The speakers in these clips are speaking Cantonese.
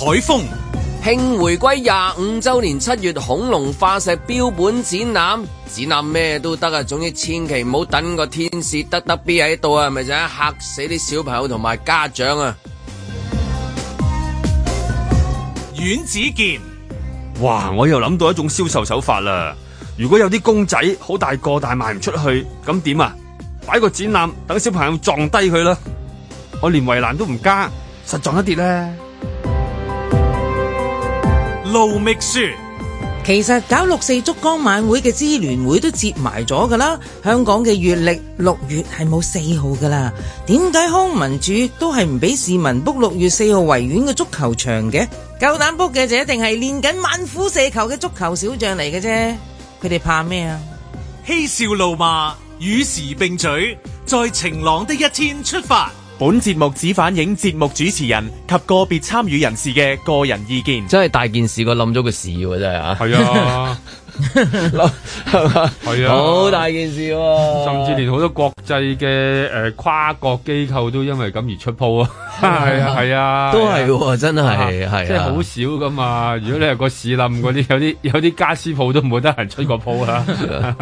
海風慶回歸廿五周年七月恐龍化石標本展覽，展覽咩都得啊，總之千祈唔好等個天使得得 B 喺度啊，咪就係，吓死啲小朋友同埋家長啊！阮子健，哇！我又諗到一種銷售手法啦。如果有啲公仔好大個，但係賣唔出去，咁點啊？擺個展覽，等小朋友撞低佢啦。我連圍欄都唔加，實撞一跌咧。路未說，其實搞六四燭光晚會嘅支聯會都接埋咗噶啦。香港嘅月曆六月係冇四號噶啦，點解康文署都係唔俾市民 book 六月四號維園嘅足球場嘅？夠膽 book 嘅就一定係練緊萬虎射球嘅足球小將嚟嘅啫，佢哋怕咩啊？嬉笑怒罵與時並舉，在晴朗的一天出發。本節目只反映節目主持人及個別參與人士嘅個人意見。真係大件事個冧咗個事喎，啊，真係啊！係啊。係 tellement, Right, 啊，好大件事喎！甚至連好多國際嘅誒跨國機構都因為咁而出鋪啊！係、 哦、 是啊，係 啊，都 係，真係，係，即係好少噶嘛！如果你係個市冧嗰啲，有啲有啲家私鋪都冇得人出個鋪啦，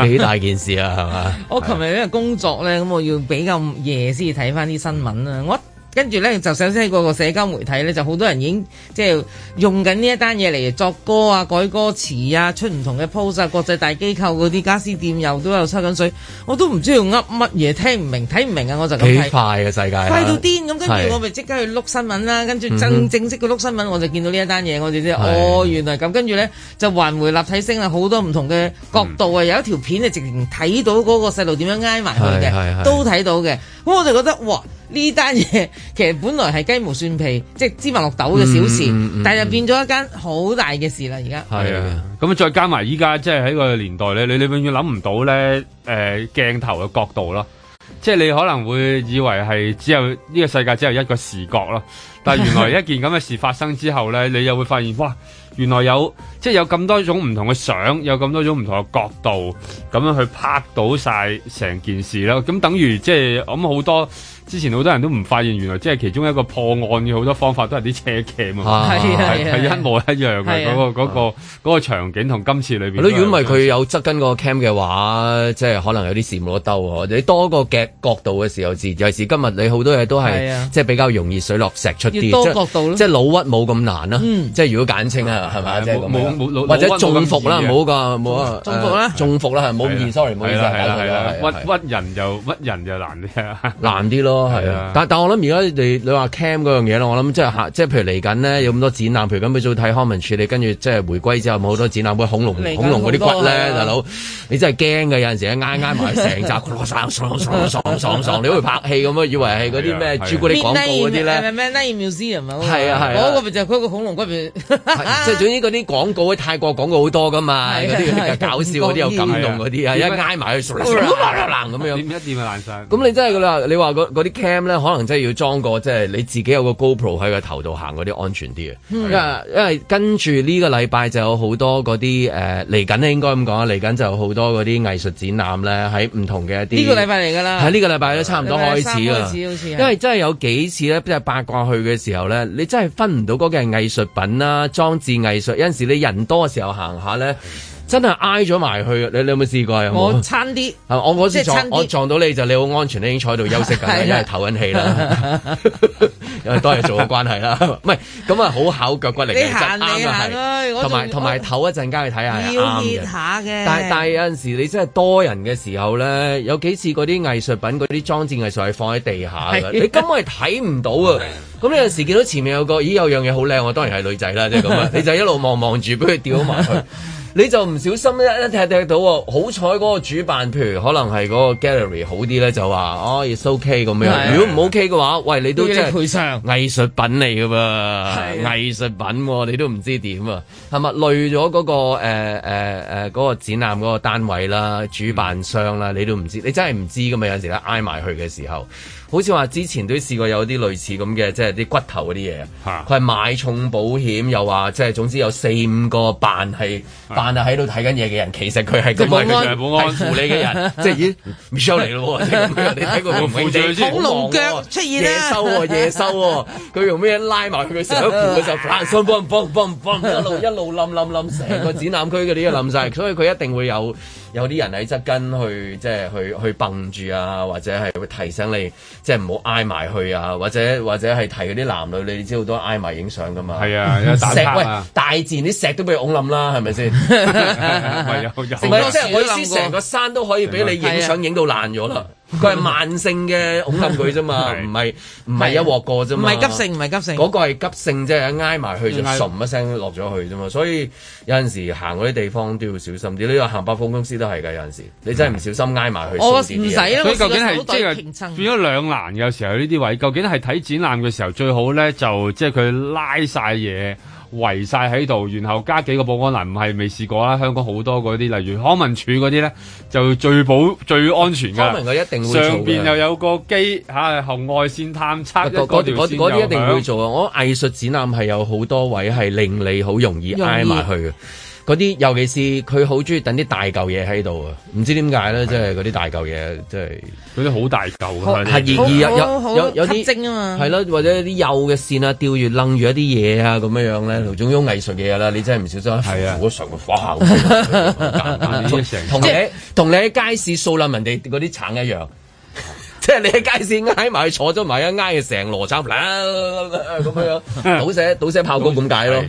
幾大件事啊，係嘛？ 我琴日因為工作咧，咁我要比較夜先至睇翻啲新聞啊，我。跟住咧，就首先喺嗰個社交媒體咧，就好多人已經，即係用緊呢一單嘢嚟作歌啊、改歌詞啊、出唔同嘅 post 啊。國際大機構嗰啲家私店又都有抽緊水，我都唔知要噏乜嘢，聽唔明、睇唔明啊！我就幾快嘅、啊、世界、啊，快到癲咁。跟住我咪即刻去碌新聞啦。是跟住正正式嘅碌新聞，我就見到呢一單嘢，嗯、哼我哋知是哦，原來咁。跟住咧就環回立體聲啊，好多唔同嘅角度啊，嗯、有一條片係直情睇到嗰個細路點樣挨埋去嘅，都睇到嘅。咁的我就覺得哇！呢單嘢其實本來係雞毛蒜皮，即係芝麻綠豆嘅小事，嗯嗯嗯、但係就變咗一間好大嘅事啦！而家係啊，咁再加埋依家即係喺個年代咧，你你永遠諗唔到咧，誒、呃、鏡頭嘅角度咯，即係你可能會以為係只有呢、這個世界只有一個視角咯，但係原來一件咁嘅事發生之後咧， 你又會發現哇，原來有即係有咁多種唔同嘅相，有咁多種唔同嘅角度咁樣去拍到晒成件事啦。咁等於即係咁好多。之前好多人都唔發現，原來即係其中一個破案嘅好多方法都係啲車 cam 啊，係係係一模一樣嘅嗰個嗰個嗰個場景同今次裏邊。如果唔係佢有側跟個 cam 嘅話，即係可能有啲事冇得兜。你多個鏡角度嘅時候，至尤其是今日你好多嘢都係即係比較容易水落石出啲，即係即係老屈冇咁難啦。即係如果簡稱啦，係咪？或者中伏啦，唔好個唔好中伏啦，中伏啦，唔好唔 sorry，唔好意思啊，屈屈人就屈人就難啲啊，難啲咯～係啊，但但我諗而家你你話 cam 嗰樣嘢咯，我諗即係即係譬如嚟緊呢，有咁多展覽，譬如咁去做睇康文署，你跟住即係回歸之後冇好多展覽，會恐龍恐龍嗰啲骨咧，大佬你真係驚嘅，有陣時咧挨挨埋成集，撞撞撞撞你好似拍戲咁以為係嗰啲咩？朱古力廣告嗰啲咧，咩啊，係啊係，我嗰邊就係嗰個恐龍骨，即係總之嗰啲廣告咧，泰國廣告好多噶嘛，嗰啲搞笑嗰啲有感動嗰啲，一挨埋去撞撞撞咁樣，點一跌咪爛晒。咁你真係噶啦，你話嗰嗰。啲 cam 咧，可能真係要裝個，即係你自己有個 GoPro 喺個頭度行嗰啲安全啲嘅的，因為因為跟住呢個禮拜就有好多嗰啲誒嚟緊咧，呃、應該咁講啊嚟緊就有好多嗰啲藝術展覽咧，喺唔同嘅一啲呢個禮拜嚟噶啦喺呢個禮拜都差唔多開始啦。因為真係有幾次咧，即係八卦去嘅時候咧，你真係分唔到嗰件係藝術品啦，裝置藝術，有陣時你人多嘅時候行下咧。嗯真係挨咗埋去，你你有冇試過啊？我差啲，我我撞到你就你好安全，你已經坐喺度休息緊，因為唞緊氣啦，因為多人做嘅關係啦。唔係咁啊，好考腳骨嚟嘅，真啱同埋同埋唞一陣間去睇下，下嘅。但係但係有陣時你真係多人嘅時候咧，有幾次嗰啲藝術品、嗰啲裝置藝術係放喺地下，你根本係睇唔到啊。咁有陣時見到前面有個，咦有樣嘢好靚，我當然係女仔啦，即係咁啊，你就一路望望住，俾佢掉埋去。你就唔小心一踢一踢踢到喎，好彩嗰個主辦譬如可能係嗰個 gallery 好啲咧，就話哦、oh，it's okay 咁樣。的如果唔 OK 嘅話，的喂，你都即係賠償藝術品嚟噶噃，的藝術品喎、啊，你都唔知點啊，係咪累咗嗰、嗰個誒誒誒展覽嗰個單位啦、主辦商啦，你都唔知，你真係唔知㗎嘛？有陣時咧挨埋去嘅時候。好似話之前都試過有啲類似咁嘅，即係啲骨頭嗰啲嘢。佢係、啊、買重保險，又話即係總之有四五個扮係扮啊喺度睇緊嘢嘅人，其實佢係保安，保安護你嘅人。 即係 Michelle 嚟咯，即、就係、你睇過《恐龍腳》哦、出現野獸喎、哦，野獸喎、哦，佢、哦、用咩拉埋佢成條，佢就嘣嘣一路一路冧冧冧，成個展覽區嗰啲都冧晒。所以佢一定會有。有啲人喺側跟去，即係去去蹦住啊，或者係會提醒你，即係唔好挨埋去啊，或者或者係提嗰啲男女，你哋知道都挨埋影相噶嘛？係啊， 石喂，大自然啲石都俾你㧬冧啦，係咪先？唔係啊，是的即係我意思，成的個山都可以俾你影相影到爛咗啦。是的 佢係慢性嘅恐震佢啫嘛，唔係唔係一鑊過啫嘛，唔係急性唔係急性，嗰個係急性即係，挨埋去就咻一聲落咗去啫嘛，是所以有陣時行嗰啲地方都要小心啲，呢個行百貨公司都係噶，有陣時你真係唔小心挨埋去，我唔使咯，所以究竟係即係變咗兩難有時候呢啲位，究竟係睇展覽嘅時候最好咧，就即係佢拉晒嘢。圍晒喺度，然後加幾個保安欄，唔係未試過啦。香港好多嗰啲，例如康文署嗰啲咧，就最保最安全嘅。康文佢一定會做，上邊又有個機吓紅外線探測嗰啲，嗰啲一定要做嘅。我藝術展覽係有好多位係令你好容易挨埋去嘅。嗰啲尤其是佢好中意等啲大嚿嘢喺度啊！唔知點解咧，即係嗰啲大嚿嘢，即係嗰啲好大嚿咁樣。係熱熱有有有啲精啊嘛，係咯，或者啲幼嘅線啊，釣住掹住一啲嘢啊，咁樣樣咧，仲有藝術嘅嘢啦，你真係唔小心，係啊，嗰場會火下嘅。同你同你喺街市掃撚人哋嗰啲橙一樣，即係你喺街市挨埋坐咗埋一挨，成羅剎啦咁樣，倒些倒些炮公咁解咯。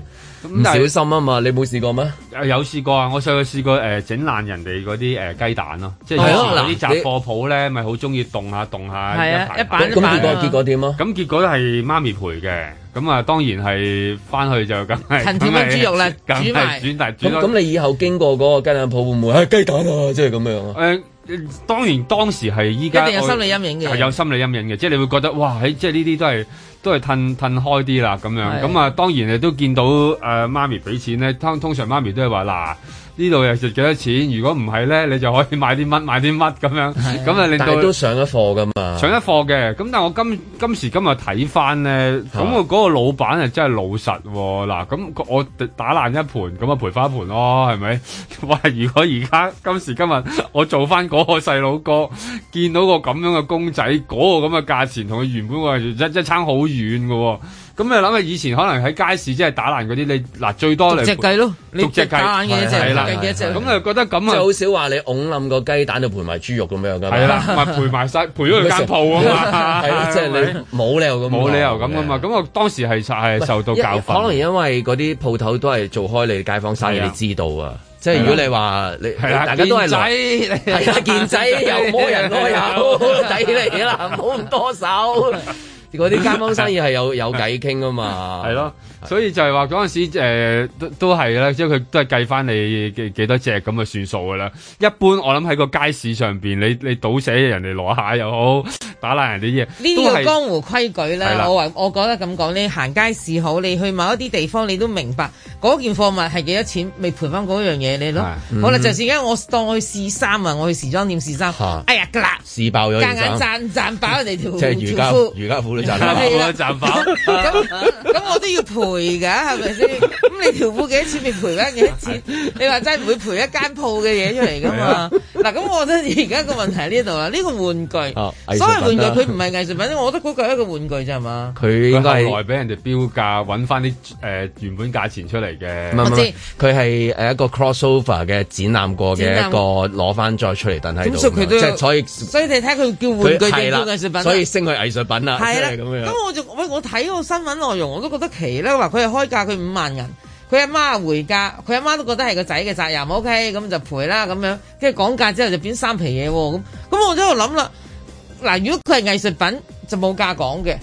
唔小心啊嘛，你冇試過咩？有試過啊！我細去試過誒，整爛人哋嗰啲誒雞蛋咯，即係可能啲雜貨鋪咧，咪好中意動下動下。一咁結果結果點啊？咁結果都係媽咪賠嘅，咁啊當然係翻去就梗係陳年豬肉啦，煮埋煮大。咁咁你以後經過嗰個雞蛋鋪會唔會係雞蛋啊？即係咁樣啊？誒，當然當時係依家有心理陰影嘅，有心理陰影嘅，即係你會覺得哇！即係呢啲都係。都係褪褪開啲啦，咁樣咁是的 啊，當然你都見到誒、呃、媽咪俾錢咧，通通常媽咪都係話嗱。呢度又值幾多錢？如果唔係咧，你就可以買啲乜買啲乜咁樣，咁啊的令到都上一課㗎嘛。上一課嘅，咁但係我今今時今日睇翻咧，咁個嗰個老闆係真係老實喎、哦。嗱，咁我打爛一盤，咁啊賠翻一盤咯，係、哦、咪？喂， 如果而家今時今日我做翻嗰個細佬哥，見到個咁樣嘅公仔，嗰、那個咁嘅價錢同佢原本個價一一,一差好遠喎、哦。咁你諗下以前可能喺街市即係打爛嗰啲，你嗱最多兩，隻雞咯，六隻雞，八隻雞咁啊覺得咁啊，好少話你㧬冧個雞蛋就賠埋豬肉咁樣噶，係啦，咪賠埋晒？賠咗佢間鋪啊嘛，即係你冇理由咁，冇理由咁噶嘛，咁我當時係係受到教訓，可能因為嗰啲鋪頭都係做開你街坊生意，你知道啊，即係如果你話你大家都健仔係啊，健仔有冇人愛有抵你啦，好咁多手。嗰啲街坊生意係有有偈傾啊嘛，係咯， 所以就係話嗰陣時、呃、都、就係、都係啦，即係佢都係計翻你幾幾多隻咁嘅算數噶啦。一般我諗喺個街市上邊，你你倒瀉人哋攞下又好打爛人哋嘢，呢個江湖規矩咧，我 的我覺得咁講你行街市好，你去某一啲地方，你都明白嗰件貨物係幾多錢，未賠翻嗰樣嘢你咯。嗯、好啦，就係而家我當我去試衫啊，我去時裝店試衫，哎呀噶啦，試爆咗，夾硬贊贊爆我哋條漁 家賺翻，賺翻，咁 咁楽 我都要賠㗎，係咪先？你條褲幾錢？你賠翻幾錢？你話真係唔會賠一間鋪嘅嘢出嚟噶嘛嗱，咁我覺得而家個問題喺呢度啊！呢個玩具，所謂玩具，佢唔係藝術品，我覺得嗰個係一個玩具啫，係嘛？佢應該係俾人哋標價，揾翻啲誒原本價錢出嚟嘅。唔係，唔係，佢係誒一個 crossover 嘅展覽過嘅一個攞翻再出嚟，等喺度，即係所以，所以你睇佢叫玩具定藝術品？所以升佢藝術品啦，係啦咁樣。咁我就喂，我睇個新聞內容，我都覺得奇啦。話佢係開價佢五萬人。佢阿媽回家，佢阿媽都覺得係個仔嘅責任，OK，咁就賠啦咁樣。跟住講價之後就變三皮嘢喎，咁咁我喺度諗啦。嗱，如果佢係藝術品就冇價講嘅，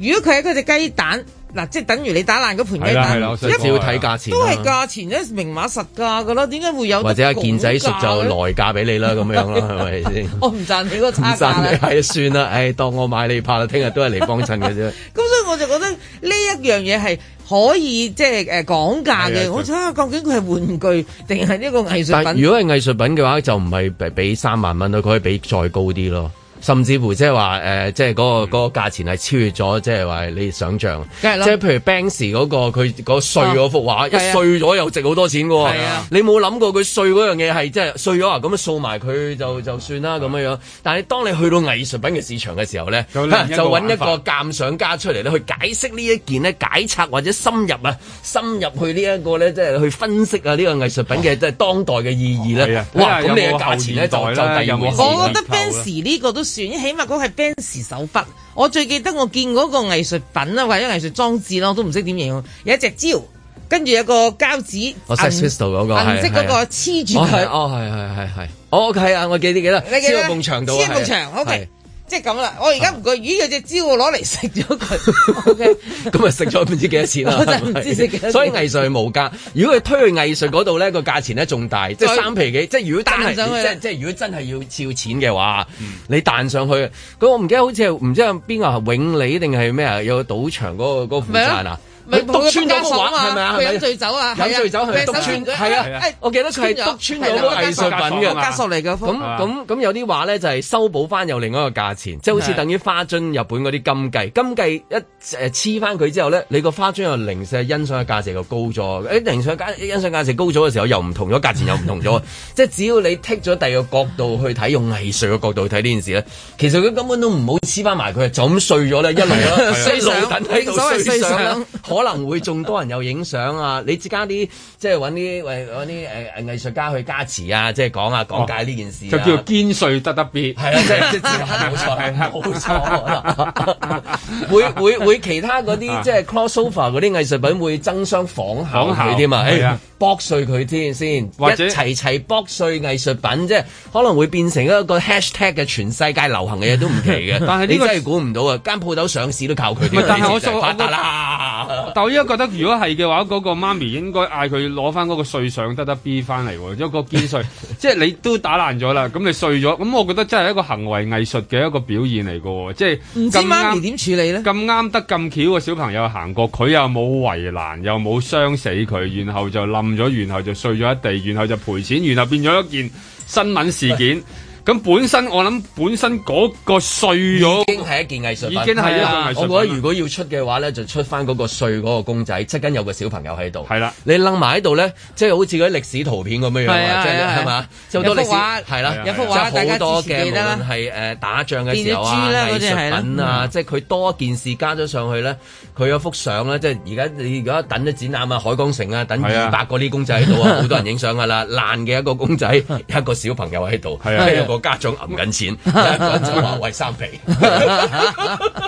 如果佢係嗰隻雞蛋。嗱，即係等於你打爛嗰盤雞蛋，一定的要睇價，價錢，都係價錢咧，明碼實價嘅咯，點解會有或者阿健仔熟就來價俾你啦咁 樣咯，係咪先？我唔賺你個，唔賺你算啦，誒當我買你拍啦，聽日都係嚟幫襯嘅啫。咁 所以我就覺得呢一樣嘢係可以即係誒講價嘅。的我睇下、啊、究竟佢係玩具定係呢個藝術品？如果係藝術品嘅話，就唔係誒俾三萬蚊咯，佢可以俾再高啲咯。甚至乎即係話，誒即係嗰個價錢係超越咗，即係話你想象。即係譬如 Banksy 嗰個佢個碎嗰幅畫一碎咗又值好多錢嘅喎。你冇諗過佢碎嗰樣嘢係即係碎咗啊？咁樣掃埋佢就就算啦咁樣樣，但係當你去到藝術品嘅市場嘅時候咧，就揾一個鑒賞家出嚟咧去解釋呢一件咧解拆或者深入啊深入去呢一個咧即係去分析啊呢個藝術品嘅即係當代嘅意義咧。哇！咁你嘅價錢咧就就第二個我覺得 Banksy 呢個都。起碼嗰個係 Banksy 手筆。我最記得我見嗰個藝術品啊，或者藝術裝置啦，我都唔識點形容。有一隻蕉，跟住有個膠紙，我 set crystal 嗰個，銀色嗰個黐住佢。哦，係，係，係，係，哦，OK，啊，我記得記得，黐喺埲牆度啊，黐喺埲牆，OK。即係咁啦，我而家唔覺，咦？有隻蕉攞嚟食咗佢 OK 咁咪食咗唔知幾多錢啦。是是錢所以藝術係無價， 如果佢推去藝術嗰度咧，個價錢咧仲大，以即係三皮幾。即係如，如果真係即係即係如果真係要照錢嘅話，嗯、你彈上去，佢我唔記得好似唔知邊個係永利定係咩啊？有個賭場嗰、那個嗰負責啊。那個負負 咪督穿間畫係咪啊？佢飲醉酒啊，飲醉酒係咪？督穿，係啊！誒，我記得佢係督穿咗個藝術品嘅，嚟嘅。咁咁咁有啲畫咧，就係修補翻有另外一個價錢，即係好似等於花樽日本嗰啲金計，金計一，誒黐翻佢之後咧，你個花樽又零舍欣賞嘅價值又高咗。誒，欣賞價欣賞價值高咗嘅時候，又唔同咗，價錢又唔同咗。即係只要你剔咗第二個角度去睇，用藝術嘅角度去睇呢件事咧，其實佢根本都唔好黐翻埋佢，就咁碎咗咧，一路碎，一路可能會仲多人有影相啊！你自加啲即係揾啲喂啲誒誒藝術家去加持啊！即係講下、講解呢件事，就叫做堅碎得特別，啊，即係其他冇錯，冇錯，會會會其他嗰啲即係 cross over 嗰啲藝術品會爭相仿效佢添啊！誒啊，博碎佢添先，或者齊齊博碎藝術品，即係可能會變成一個 hashtag 嘅全世界流行嘅嘢都唔奇嘅。但係你真係估唔到啊！間鋪頭上市都靠佢哋，唔係，但係我發達啦。但我依家覺得，如果係嘅話，嗰、嗰個媽咪應該嗌佢攞翻嗰個碎上得得 B 翻嚟喎，因為個堅碎 即係你都打爛咗啦，咁你碎咗，咁我覺得真係一個行為藝術嘅一個表現嚟嘅喎，即係唔知媽咪點處理呢？咁啱得咁巧個小朋友行過，佢又冇圍欄，又冇傷死佢，然後就冧咗，然後就碎咗一地，然後就賠錢，然後變咗一件新聞事件。 咁本身我諗本身嗰個碎咗，已經係一件藝術品，已經係啦。我覺得如果要出嘅話咧，就出翻嗰個碎嗰個公仔，即跟有個小朋友喺度，係啦呀。你擸埋喺度咧，即係好似嗰啲歷史圖片咁樣樣啊，即係係嘛，好多歷史，係啦、就是，吧有幅畫，大家記得係誒打仗嘅時候啊，藝術品啊，即係佢多件事加咗上去咧。佢有幅相咧，即係而家你而家等咗展覽啊，海港城啊，等二百個啲公仔喺度啊，好多人影相噶啦。爛嘅一個公仔，一個小朋友喺度，係啊，跟住個家長揞緊錢，跟住就話喂三皮。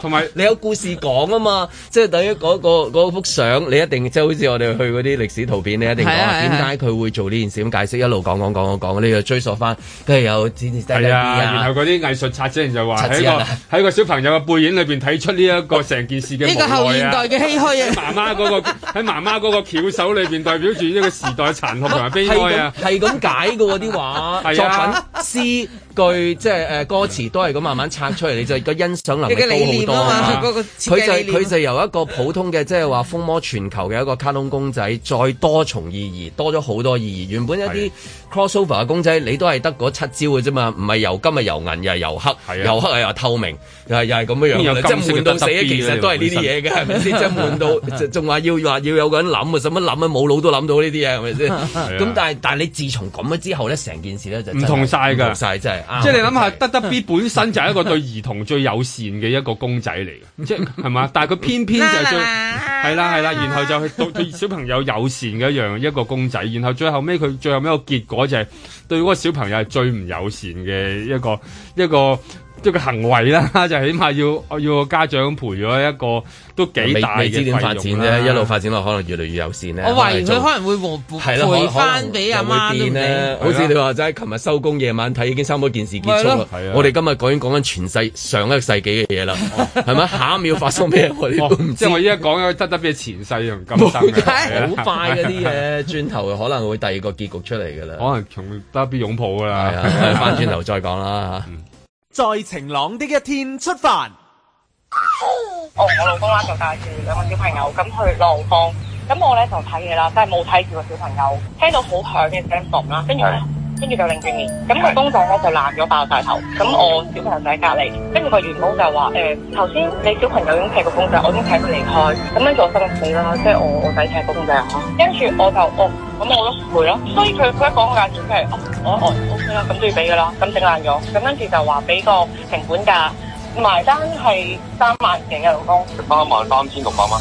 同埋你有故事講啊嘛，即係等於嗰個幅相，你一定即係好似我哋去嗰啲歷史圖片，你一定講點解佢會做呢件事，咁解釋一路講講講講講，你要追索翻。跟住有展覽，係啊，然後嗰啲藝術策展人就話喺個小朋友嘅背影裏邊睇出呢一個成件事嘅。年代嘅唏噓啊。 媽媽、嗰個！媽媽嗰個喺媽媽嗰個巧手裏邊代表住呢個時代殘酷同埋悲哀啊！ 係咁解嘅啲、啊、話，係是、啊、作品詩。句即係誒歌詞都係咁慢慢拆出嚟，你就個欣賞能力高好多啊，佢就佢就由一個普通嘅即係話風魔全球嘅一個卡通公仔，再多重意義，多咗好多意義。原本一啲 crossover 嘅公仔，你都係得嗰七招嘅啫嘛，唔係由金啊由銀又係由黑，由黑又係透明，又係又係咁樣樣嘅，即係悶到死。其實都係呢啲嘢嘅，係咪先？真係悶到，仲話要話要有個人諗啊？使乜諗啊？冇腦都諗到呢啲嘢係咪先？咁但係但係你自從咁樣之後咧，成件事咧就唔同曬㗎，真係。嗯、即係你諗下，得得 B 本身就係一個對兒童最友善嘅一個公仔嚟嘅。 即係，係嘛？但係佢偏偏就係最係啦係啦，啦啦 然後就係對小朋友友善嘅一樣一個公仔，然後最後尾，佢最後尾個結果就係對嗰個小朋友係最唔友善嘅一個一個。一個一個個行為啦，就起碼要要家長陪咗一個都幾大嘅發展啫，一路發展落可能越嚟越友善咧。我懷疑佢可能會賠賠翻俾阿媽都唔明。好似你話齋，琴日收工夜晚睇已經三部件事結束啦。我哋今日講緊講緊全世上一個世紀嘅嘢啦，係咪下一秒發生咩我哋都唔知。我依家講緊得得俾前世又唔咁快嗰啲嘢轉頭可能會第二個結局出嚟噶啦。可能從得必擁抱噶啦，翻轉頭再講啦。在晴朗的一天出發。哦，oh, 我老公啦就帶住兩個小朋友咁去路旁，咁我咧就睇嘢啦，真係冇睇住個小朋友，聽到好響嘅聲響啦，跟住咧。跟住就另一面，咁個公仔咧就爛咗爆晒頭。咁我小朋友仔隔籬，跟住個員工就話：，誒，頭先你小朋友已經踢個公仔，我已經睇佢離開。咁樣就心死啦，即係我我仔踢公仔啊！跟住我就我咁咪好咯，賠咯。所以佢佢一講個價錢出嚟，哦，我我，O K 啦，咁都要俾噶啦，咁整爛咗，咁跟住就話俾個成本價埋單係三萬幾嘅老公，三萬三千六百蚊。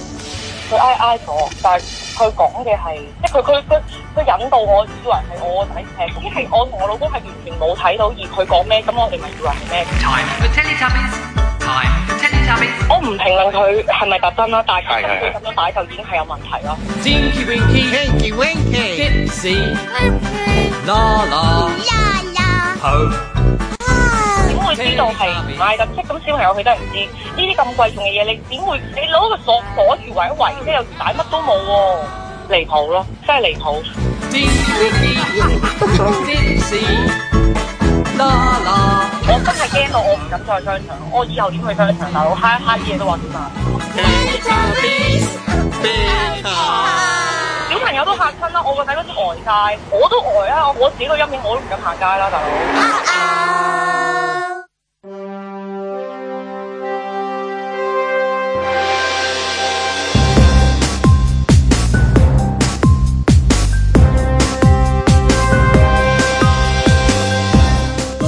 佢挨挨咗，但係佢講嘅係，即係佢佢佢佢引導我以為係我個仔聽，即係我同我老公係完全冇睇到而佢講咩，咁我哋咪以為係咩？time，我唔評論佢係咪特登啦，但係佢咁樣擺就已經係有問題囉。佢知道係唔係特出，咁小朋友佢都係唔知。呢啲咁貴重嘅嘢，你點會？你攞個鎖鎖住圍一圍，即係又帶乜都冇喎，離譜咯，真係離譜。 我真係驚到我唔敢再商場，我以後點去商場？大佬嗨一嚇啲嘢都話點啊！ 小朋友都嚇親啦，我個仔嗰啲呆晒。我都呆啊！我我自己個陰影我都唔敢行街啦，大佬。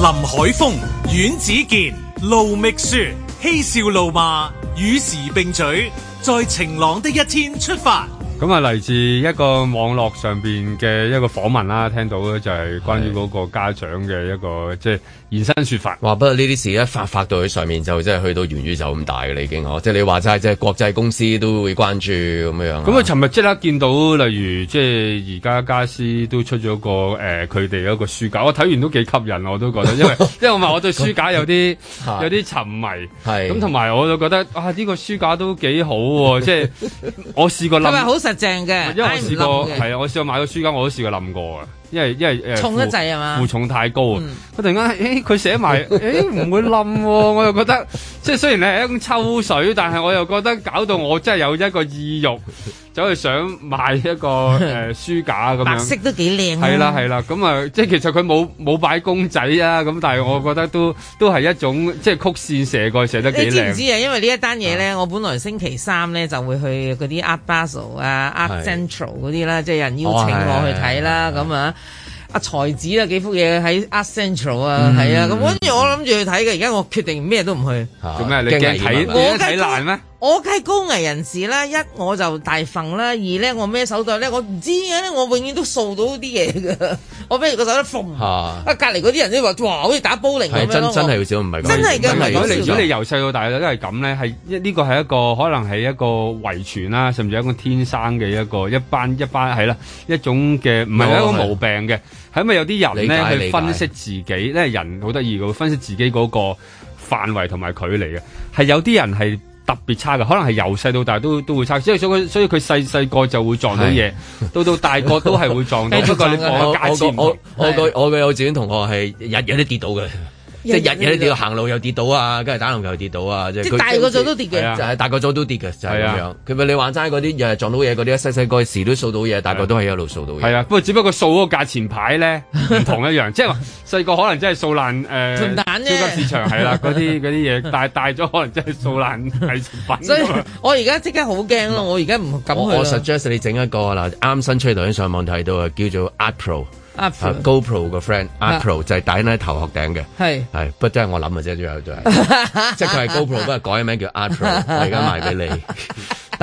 林海峰、阮子健、盧覓雪嬉笑怒罵，與時並舉，在晴朗的一天出發。咁啊，嚟自一個網絡上邊嘅一個訪問啦、啊，聽到咧就係關於嗰個家長嘅一個是即係延伸説法。哇！不過呢啲事一發發到喺上面，就真係去到輿宇就咁大啦，已經哦。即係你話齋，即係國際公司都會關注咁樣。咁啊，尋日即刻見到，例如即係而家家私都出咗個誒，佢、欸、哋一個書架，我睇完都幾吸引，我都覺得，因為 因為我話我對書架有啲有啲沉迷。係是。咁同埋我就覺得啊，呢、呢個書架都幾好喎、哦，即係 我試過諗。正嘅，因為我試過，係啊，我試過買個書架，我都試過冧過啊。因為因為誒負重，重太高啊！佢、嗯、突然間，誒、欸、佢寫埋，誒、欸、唔會冧喎、啊。我又覺得，即係雖然你係一種抽水， 但係我又覺得搞到我真係有一個意欲，走去想買一個誒、呃、書架咁樣。色都幾靚。係啦係啦，咁啊，嗯、即係其實佢冇冇擺公仔啊，咁但係我覺得都都係一種即係曲線寫過寫得幾靚。你知唔知啊？因為一呢一單嘢咧，的我本來星期三咧就會去嗰啲 Art Basel 啊、的 Art Central 嗰啲啦，即係有人邀請我去睇啦，咁啊～阿、啊、才子啊，幾幅嘢，喺 Art Central 啊，係、嗯、啊，咁跟住我諗住去睇嘅，而家我決定咩都唔去，做咩，啊？你驚睇？我睇爛咩？我梗係高危人士啦，一我就大份啦，二咧我咩手段咧，我唔知嘅咧，我永遠都掃到啲嘢嘅。我譬如我手一縫啊，隔離嗰啲人咧話哇，好似打保齡咁樣，真真係少唔係咁，真係嘅。如果你由細到大咧都係咁咧，係呢個係一個可能係一個遺傳啦，甚至一個天生嘅一個一班一班係啦一種嘅唔係一個毛病嘅，係因為有啲人咧去分析自己咧人好得意嘅，分析自己嗰個範圍同埋距離嘅係有啲人係。特別差嘅，可能係由細到大都都會差，所以所以所以佢細細個就會撞到嘢，的到到大個都係會撞到。 不過你放家支唔會，我個我嘅幼稚園同學係日日都跌到嘅。即係日日都要行路又跌到啊，跟住打籃球又跌到啊，即係大個咗都跌嘅，就係大個咗都跌嘅，就係咁樣。佢咪你玩齋嗰啲，日日撞到嘢嗰啲啊，細細個時都掃到嘢，大個都係一路掃到嘢。係啊，不過只不過掃嗰個價錢牌咧唔同一樣，即係話細個可能真係掃爛誒超級市場係啦，嗰啲啲嘢，但係大咗可能真係掃爛藝術品。所以我而家即刻好驚咯，我而家唔咁佢。我 suggest 你整一個嗱，啱新出頭先上網睇到啊，叫做 Art Pro。GoPro 個 friend，阿 Pro 就係戴喺頭殼頂嘅，係係，不過真係我諗嘅啫，最後就係，即係佢係 GoPro，不過改咗名叫阿 Pro，我而家賣俾你。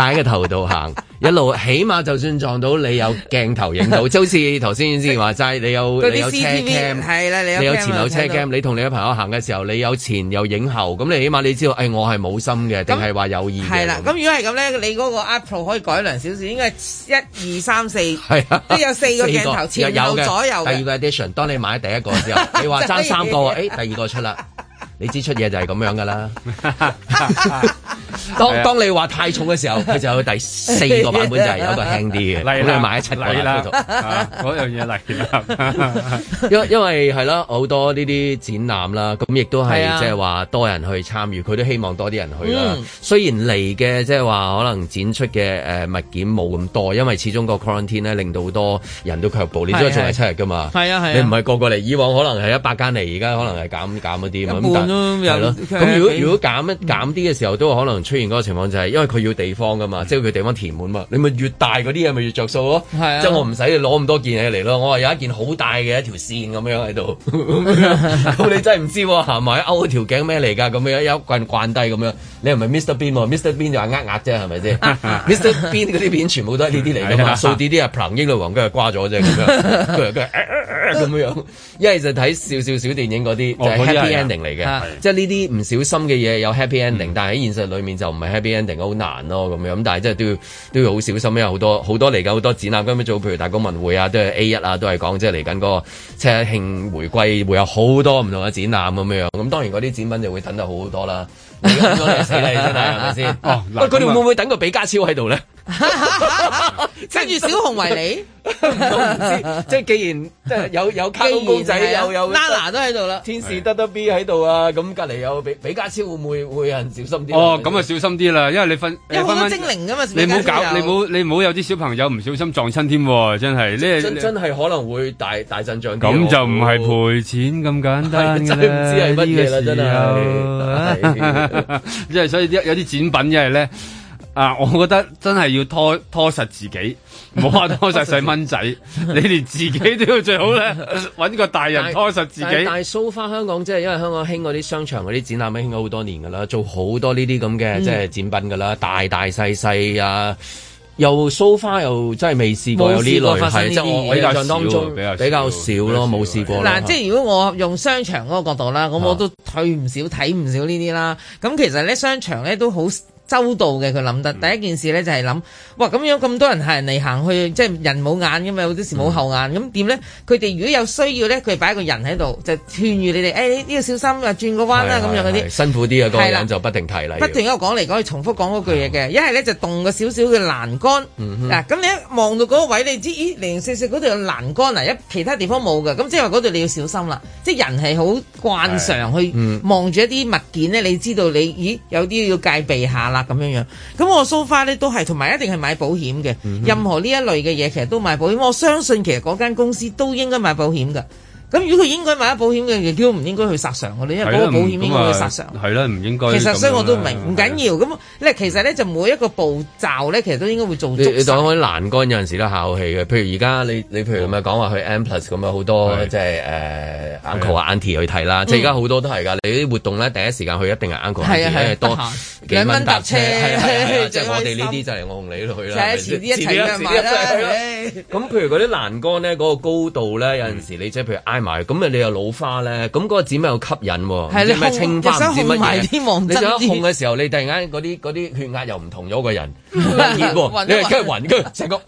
戴個頭度行，一路起碼就算撞到你有鏡頭影到，就好似頭先先話齋，你有你有車 cam，係啦，你有前有車 cam，你同你嘅朋友行嘅時候，你有前又影後，咁你起碼你知道，誒我係冇心嘅，定係話有意嘅。係啦，咁如果係咁咧，你嗰個 app 可以改良少少，應該係一二三四，係啊，即係有四個鏡頭前有左右。第二個 edition，當你買第一個之後，你話爭三個，誒第二個出啦。你支出嘢就係咁樣噶啦。 當當你話太重嘅時候，佢 就有第四個版本，就係 有一個輕啲嘅，咁你了買一齊嚟啦。嗰樣嘢嚟啦。因因為係咯，好多呢啲展覽啦，咁亦都係即係話多人去參與，佢都希望多啲人去啦。嗯、雖然嚟嘅即係話可能展出嘅誒物件冇咁多，因為始終個 quarantine 咧令到好多人都卻步。你都係做埋七日噶嘛？係啊，係啊。你唔係個個嚟，以往可能係一百間嚟，而家可能係減減嗰啲咁如果如果減一減啲嘅時候，都可能出現嗰個情況，就係因為佢要地方噶嘛，即係佢地方填滿嘛，你咪越大嗰啲嘢咪越着數咯。即係我唔使你攞咁多件嘢嚟咯，我話有一件好大嘅一條線咁樣喺度，咁你真係唔知行埋勾條頸咩嚟噶，咁樣一棍慣低咁樣，你係咪 Mr Bean？Mr Bean 就係呃呃啫，係咪先？Mr Bean 嗰啲片全部都係呢啲嚟噶嘛，數啲啲啊，彭英女王佢係瓜咗啫，咁樣，咁樣，一係就睇少少小電影嗰啲，就 Happy Ending 嚟嘅。即係呢啲唔小心嘅嘢有 happy ending，嗯、但係喺現實裡面就唔係 happy ending，好難咯咁樣。但係即係都要都要好小心，因為好多好多嚟緊好多展覽，咁樣做，譬如大公文會啊，都係 A 一啊，都係講即係嚟緊嗰個慶慶回歸，會有好多唔同嘅展覽咁樣。咁當然嗰啲展品就會等得好多啦。係咪先？佢哋會唔會等個比加超喺度咧？跟住小紅為你，即係既然即係有有卡通公仔，有有娜娜都喺度啦，天使得得 B 喺度啊，咁隔籬有比比嘉超會唔會會有人小心啲？哦，咁啊小心啲啦，因為你瞓，有好多精靈㗎嘛，你唔好搞，你唔好你唔好有啲小朋友唔小心撞親添，真係真真係可能會大大陣仗。咁就唔係賠錢咁簡單咧，真係唔知係乜嘢啦，真係。即係所以有啲展品，因為咧。啊！我覺得真係要拖拖實自己，唔好話拖實細蚊仔。你連自己都要最好咧，揾個大人拖實自己。但係 s 花香港即係因為香港興嗰啲商場嗰啲展覽咧，興咗好多年噶啦，做好多呢啲咁嘅即係展品噶啦，大大細細啊，又 s 花又真係未試過有呢類喺我想象當中比較少咯，冇試過。嗱，即係如果我用商場嗰個角度啦，咁我都睇唔少、睇唔少呢啲啦。咁其實咧，商場咧都好。收到嘅佢諗得第一件事咧就係諗，哇咁樣咁多人行嚟行去，即係人冇眼嘅嘛，有啲時冇後眼，咁點咧？佢哋如果有需要咧，佢哋擺一個人喺度就勸喻你哋，誒呢個小心啊，轉個彎啦咁樣嗰啲辛苦啲啊，嗰個人就不停提啦，不停喺度講嚟講去，重複講嗰句嘢嘅。一係咧就動個少少嘅欄杆嗱，咁你一望到嗰個位，你知咦零零四四嗰度有欄杆嗱，一其他地方冇嘅，咁即係話嗰度你要小心啦。即係人係好慣常去望住一啲物件咧，你知道你咦有啲要戒備下啦。咁樣樣，咁我蘇花咧都係，同埋一定係買保險嘅， 任何呢一類嘅嘢，其實都買保險。我相信其實嗰間公司都應該買保險噶。咁如果佢應該買咗保險嘅，亦都唔應該去殺償我哋，因為嗰保險應該去殺償。係啦，唔應該。其實所以我都明，唔緊要。咁咧其實咧就每一個步驟咧，其實都應該會做足。你你當開欄杆有陣時都效氣嘅，譬如而家你你譬如咁咪講話去 M+ 咁啊，好多即係誒 Uncle 啊、Auntie 去睇啦。即係而家好多都係㗎，你啲活動咧第一時間去一定係 Uncle。係啊係啊，多兩蚊搭車係即係我哋呢啲就嚟我同你去啦。寫遲啲一齊一齊買啦。咁譬如嗰啲欄杆咧，嗰個高度咧，有陣時你即係譬如埋咁啊，你又老花咧，咁嗰個指紋又吸引喎。係你清翻指紋，控你一控嘅時候，你突然間嗰啲啲血壓又唔同咗個人，嗯、 你係跟雲嘅成個。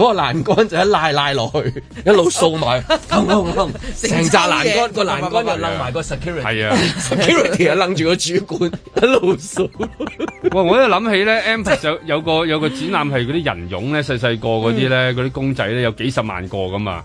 嗰個欄杆就一拉拉落去，一路掃埋，成扎欄杆個欄杆又冧埋的個 security，security 啊啊，冧住的個主管 一路掃。 哇！我一諗起咧 Empire 有有個有個展覽係嗰啲人俑咧，細細個嗰啲咧，嗰啲 公仔咧，有幾十萬個噶啊。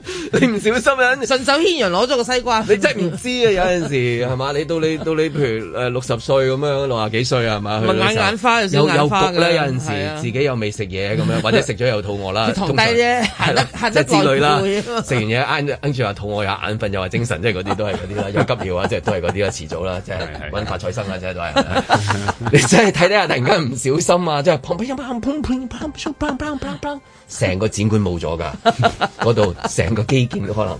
你唔小心啊！順手牽羊攞咗個西瓜。你真係唔知啊！有陣時係嘛？你到你到你，譬如誒六十歲咁樣，六廿幾歲係嘛？眼眼花有先眼花㗎，有陣時自己又未食嘢咁樣，或者食咗又肚餓啦。糖低啫，行得行得過。食完嘢啱啱話肚餓又眼瞓又話精神，即係嗰啲都係嗰啲啦。有急尿啊，即係都係嗰啲啦，遲早啦，即係揾發財生啦，即係都係。你真係睇睇下，突然間唔小心啊！即係砰砰砰砰成 個展館冇咗㗎，嗰度成個基建都可能。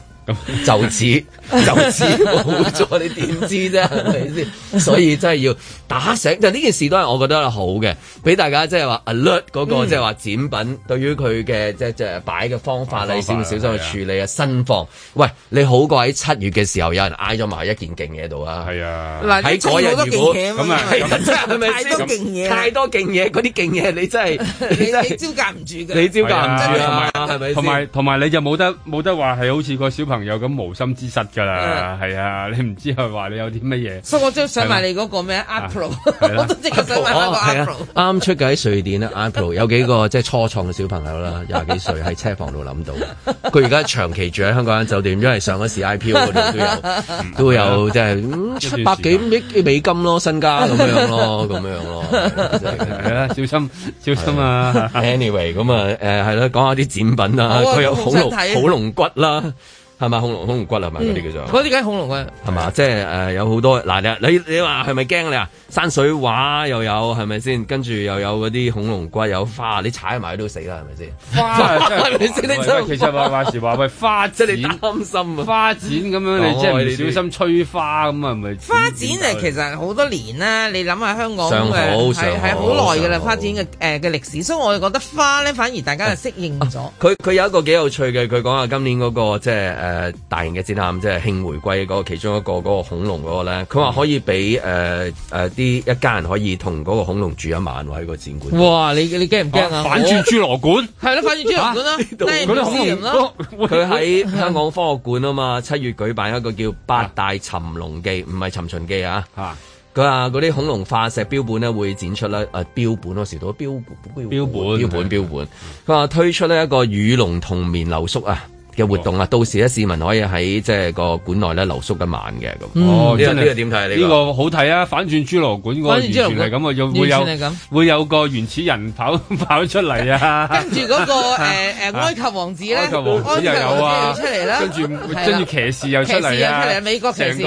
就此就此冇咗，你點知啫？係咪先？所以真係要打醒。就呢件事都係我覺得好嘅，俾大家即係話 alert 嗰個即係話展品對於佢嘅即係即係擺嘅方法你小小心去處理啊，新放。喂，你好過喺七月嘅時候有人嗌咗埋一件勁嘢度啊？係啊，喺你出好勁嘢啊嘛，係咪先？太多勁嘢，太多勁嘢，嗰啲勁嘢你真係你招架唔住嘅，你招架唔住啊？係咪同埋同埋你就冇得冇得話係好似個小朋友。有咁無心之失噶啦，係啊！你唔知佢話你有啲乜嘢，所以我即係想買你嗰個咩 Apple，我都即係想買個 Apple。啱出嘅喺瑞典 Apple 有幾個即係初創嘅小朋友啦，廿幾歲喺車房度諗到。佢而家長期住喺香港間酒店，因為上一時 IPO 度都有都有，即係七百幾億美金咯身家咁樣咯，咁樣咯，係啊，小心小心啊。Anyway，咁啊誒係啦，講下啲展品啦，佢有好龍好龍骨啦。係咪？恐龍恐龍骨啊，係咪嗰啲叫做嗰啲梗係恐龍骨，係嘛，即係誒有好多嗱你你你話係咪驚你啊，山水畫又有係咪先？跟住又有嗰啲恐龍骨，有花，你踩埋都死啦，係咪先？花啊，真係你真係其實話話時話，喂，花即係你擔心啊？花展咁樣你即係你小心吹花咁啊？係咪？花展誒，其實好多年啦，你諗下香港上好上好，係係好耐㗎啦，花展嘅誒嘅歷史，所以我覺得花咧反而大家係適應咗。佢佢有一個幾有趣嘅，佢講話今年嗰個即係誒。誒，大型嘅展覽即係慶回歸嗰個其中一個嗰、嗰個恐龍嗰、嗰個咧，佢話可以俾誒誒啲一家人可以同嗰個恐龍住一晚喎喺個展館。哇！你你驚唔驚啊？反轉侏羅館係咯，反轉侏羅館啦。嗰啲恐龍佢喺香港科學館啊嘛，七月舉辦一個叫八大尋龍記，唔係尋秦記啊。吓，佢話嗰啲恐龍化石標本咧會展出啦，誒，標本我時到標標本標本標本。佢話、嗯嗯、推出呢一個與龍同眠留宿啊！嘅活動啊，到時咧市民可以喺即係個館內咧留宿一晚嘅咁。哦，呢個呢個點睇？呢個好睇啊！反轉侏羅館個完全係咁啊，仲會有會有個原始人跑跑出嚟啊！跟住嗰個誒誒埃及王子咧，埃及王子又有啊出嚟啦！跟住跟住騎士又出嚟啊！美國騎士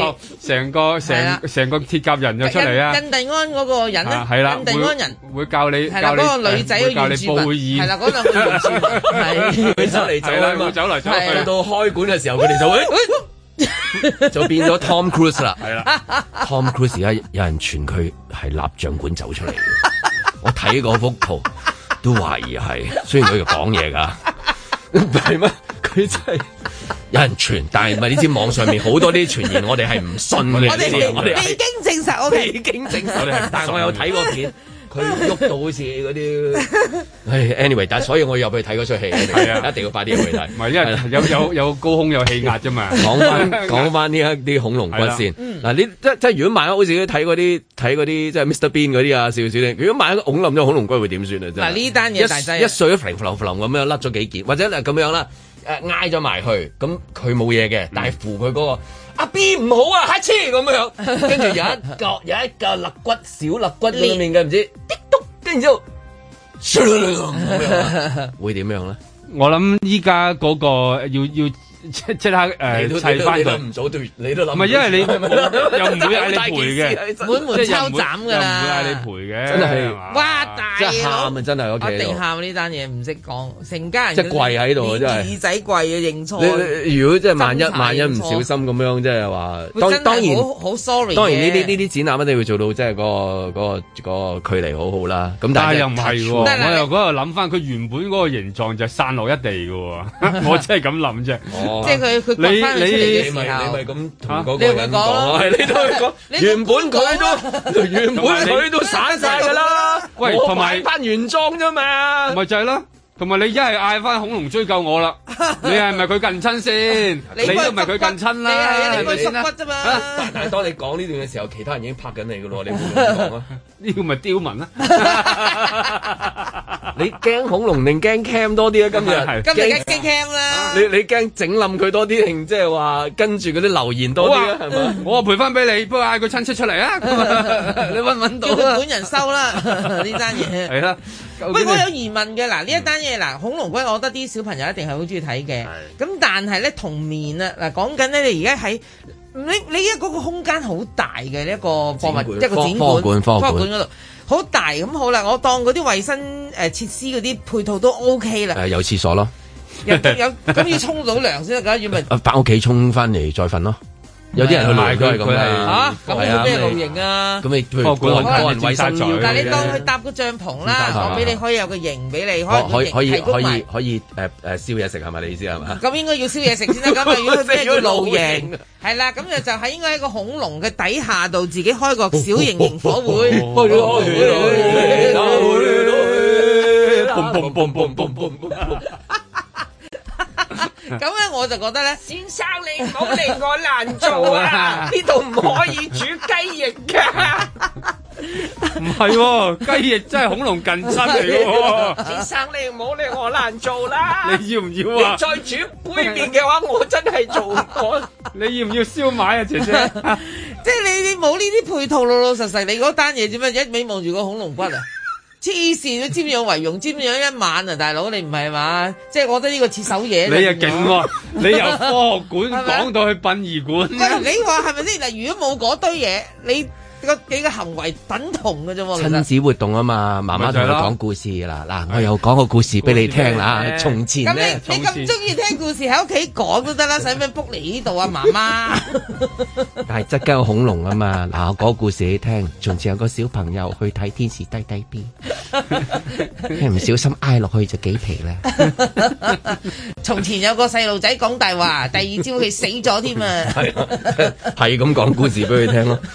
成個成個成成個鐵甲人又出嚟啊！印第安嗰個人咧係啦，印第安人會教你教嗰個女仔嘅原住民係啦，嗰個原住民係會走嚟走嚟會走嚟走。去到開館嘅時候，佢哋就會就變咗 Tom Cruise 啦，係啦，Tom Cruise 而家有人傳佢係蠟像館走出嚟嘅。我睇嗰幅圖都懷疑係，雖然佢又講嘢噶。係咩？佢真係有人傳，但係唔係呢啲網上面好多啲傳言，我哋係唔信嘅呢啲，我哋未經證實，我哋未經證實，但係我有睇過片。佢喐到好似嗰啲，唉，anyway，但係所以我入去睇嗰出戲，係啊，一定要快啲入去睇，唔係因為有有有高空有氣壓啫嘛。講翻講翻呢一啲恐龍骨先，嗱，你即即係如果萬一好似睇嗰啲睇嗰啲即係 Mr Bean 嗰啲啊，少少如果萬一恐冧咗恐龍骨會點算啊？嗱，呢單嘢一碎一弗隆弗隆咁樣甩咗幾件，或者係咁樣啦，誒挨咗埋去，咁佢冇嘢嘅，但係扶佢嗰個。阿 B 唔好啊，開車咁樣， 跟住有一嚿 有一嚿肋骨，小肋骨裏面嘅唔知，叮咚， 跟住之後、 啊，會點樣咧？我諗依家嗰個要要。即即刻誒齊翻台，唔早斷，你都諗唔係因為你又唔會嗌你賠嘅，唔會偷斬㗎啦，又唔會嗌你賠嘅，真係哇大喊啊，真係屋企，一定喊呢單嘢唔識講，成家人即跪喺度，連耳仔跪啊，認錯。如果即係萬一萬一唔小心咁樣，即係話，當然好 sorry。當然呢啲呢啲展覽一定會做到，即係嗰個嗰個嗰個距離好好啦。咁但係又唔係喎，我又嗰度諗翻佢原本嗰個形狀就散落一地嘅喎，我真係咁諗啫。即係佢，佢畀翻你嘅時候，你咪講，你都講，你原本佢都原本佢都散晒㗎啦。喂，同埋我買翻原裝啫嘛，咪就係咯。同埋你一係嗌翻恐龍追究我啦，你係咪佢近親先？你都唔係佢近親啦，你係一啲骨啫嘛。但係當你講呢段嘅時候，其他人已經拍緊你噶咯，你唔好咁講啊！呢個咪刁民啦。你驚恐龍定驚 Cam 多啲啊？今日係今日驚 Cam 啦。你你驚整冧佢多啲，定即係話跟住嗰啲留言多啲係嘛？我賠翻俾你，不如嗌佢親戚出嚟啊！你搵唔搵到啊？本人收啦呢單嘢。係啦。喂，我有疑問嘅，嗱呢一單嘢，嗱恐龍龜，我覺得啲小朋友一定係好中意睇嘅。咁的但係咧同面啊，嗱講緊咧，你而家喺你你而家嗰個空間好大嘅一、呢個博物，館一個展館，博物館嗰度好大，咁好啦，我當嗰啲衞生誒設施嗰啲配套都 OK 啦，呃，有廁所咯，有咁要沖到涼先得噶，要咪，係翻屋企沖翻嚟再瞓咯。有啲人去買都係咁嘅嚇，咁做咩露營啊？咁你可能可能衞生在，但係你當佢搭個帳篷啦，我俾你可以有個形俾你，可以提供埋，可以可以誒誒燒嘢食係咪？你意思係咪？咁應該要燒嘢食先啦。咁啊，如果咩叫露營？係啦，咁就就喺應該喺個恐龍嘅底下度自己開個小型營火會。咁咧我就覺得咧，先生你唔好令我難做啊！呢度唔可以煮雞翼噶，唔係，雞翼真係恐龍近身嚟。先生你唔好令我難做啦，你要唔要啊？你再煮杯麵嘅話，我真係做唔過。 你要唔要燒賣啊，姐姐？ 即係你你冇呢啲配套，老老實實，你嗰單嘢點樣？一味望住個恐龍骨啊！黐線，你瞻仰遺容，瞻仰一晚啊！大佬，你唔係嘛？ 即係我覺得呢個切手嘢。 你又勁喎，你由科學館講到去殯儀館。你話係咪先？嗱，如果冇嗰堆嘢，你。個幾個行為等同嘅啫，親子活動啊嘛，媽媽同佢講故事啦，嗱、哎呀，我又講個故事俾你聽啦。從前咁麼從前 你你咁中意聽故事喺屋企講都得啦，使乜 book 嚟呢度啊，媽媽？但係側邊有恐龍啊嘛，嗱， 我講個故事你聽。從前有個小朋友去睇天使低低邊，一唔小心挨落去就幾皮啦。從 前有個細路仔講大話，第二朝佢死咗添啊！係咁講故事俾佢聽咯，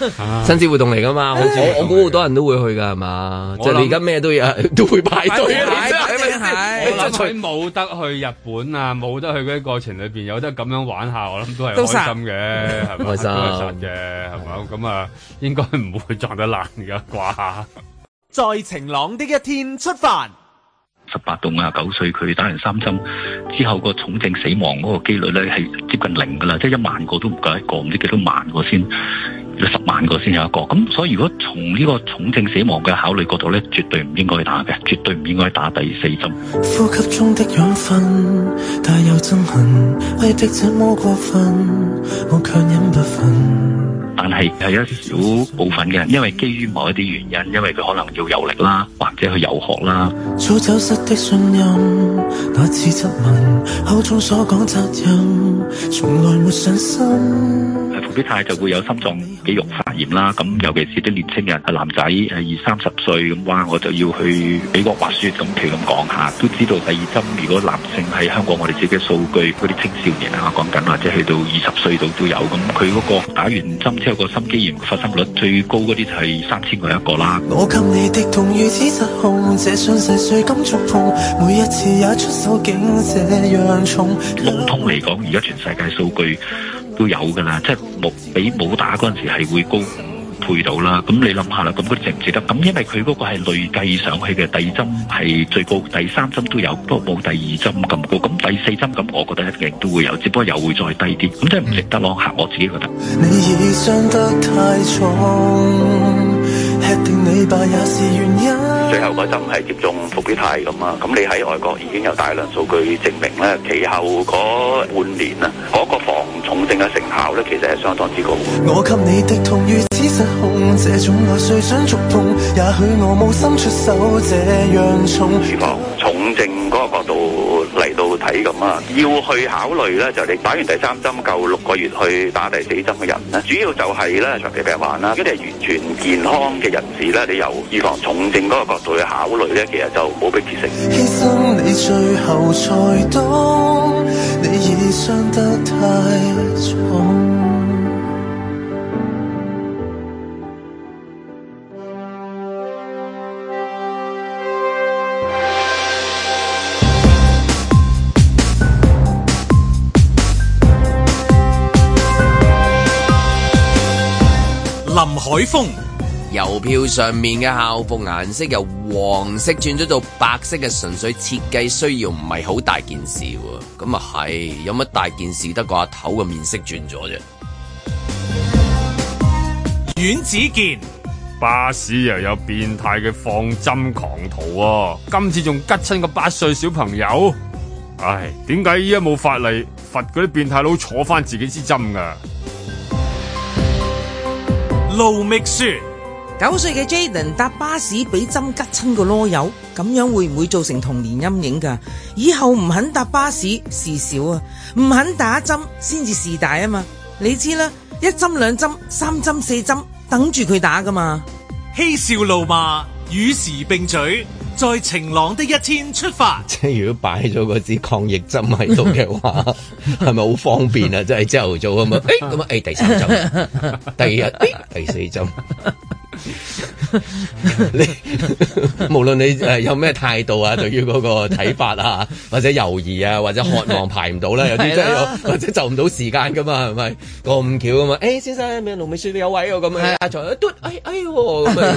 動嚟噶嘛？我我估好多人都會去噶係嘛？即係你而家咩都有都會排隊啊！係即係佢冇得去日本啊，冇得去嗰啲過程裏邊有得咁樣玩下，我諗都係開心嘅，開心嘅係嘛？咁啊，應該唔會撞得爛噶啩。在晴朗的一天出發，十八到五十九歲佢哋打完三針之後，個重症死亡嗰個機率咧係接近零噶啦，即係一萬個都唔夠一個，唔知幾多萬個先。十萬個先有一個，咁所以如果從呢個重症死亡嘅考慮角度咧，絕對唔應該打嘅，絕對唔應該打第四針。但係係有一小部分嘅，因為基於某一啲原因，因為佢可能要遊歷啦，或者去遊學啦。早走失的信任那次質問口中所講責任，從來沒上心。啲肽就會有心臟肌肉發炎啦，咁尤其是啲年青人啊，男仔係二三十歲咁哇，我就要去美國滑雪咁斷咁講下，都知道第二針如果男性喺香港，我哋自己嘅數據嗰啲青少年啊，講緊或者去到二十歲度都有咁，佢嗰個打完針之後個心肌炎發生率最高嗰啲就係三千個一個啦。我給你的痛如此失控，這傷勢誰敢觸碰？每一次也出手竟這樣重。通通嚟講，而家全世界數據。都有噶啦，即係冇比冇打嗰陣時係會高配到啦。咁你諗下啦，咁佢值唔值得？咁因為佢嗰個係累計上去嘅，第二針係最高，第三針都有，不過冇第二針咁高。咁第四針咁，我覺得一定都會有，只不過又會再低啲。咁真係唔值得咯，吓我自己覺得。你最後嗰針係接種伏必泰咁啊，咁你喺外國已經有大量數據證明咧，其後嗰半年啊，嗰個防重症嘅成效咧，其實係相當之高我給你的痛 如此失控，這種愛最想觸碰，也許我冇伸出手這樣重，預防重症嗰個角度。咁啊，要去考慮咧，就係你打完第三針夠六個月去打第四針嘅人咧，主要就係咧長期病患啦。如果你係完全健康嘅人士咧，你由預防重症嗰個角度去考慮咧，其實就冇迫切性。犧牲你最後才懂你已傷得太重。林海峰，郵票上面嘅校服顏色由黃色轉咗到白色嘅，純粹設計需要，唔係好大件事喎。咁啊係，有乜大件事得個阿頭嘅面色轉咗啫？阮子健，巴士又、啊、有變態嘅放針狂徒啊！今次仲吉親個八歲小朋友，唉，點解依家冇法例罰嗰啲變態佬坐返自己支針噶？路覓說：密雪九歲嘅 Jaden 搭巴士俾針吉親個囉柚，咁樣會唔會造成童年陰影噶？以後唔肯搭巴士事少啊，唔肯打針先至事大啊嘛！你知啦，一針兩針三針四針等住佢打噶嘛，嬉笑怒罵與時並舉。在晴朗的一天出發，即係 如果擺咗嗰支抗疫針喺度嘅話，係咪好方便啊？即係朝頭早咁啊？誒咁啊誒第三針， 第二日誒第四針。你無論你誒有咩態度啊，對於嗰個睇法啊，或者猶豫啊，或者渴望排唔到啦，有啲真係，或者就唔到時間噶嘛，係咪個唔巧啊嘛？誒，先生，龍尾雪都有位喎，咁樣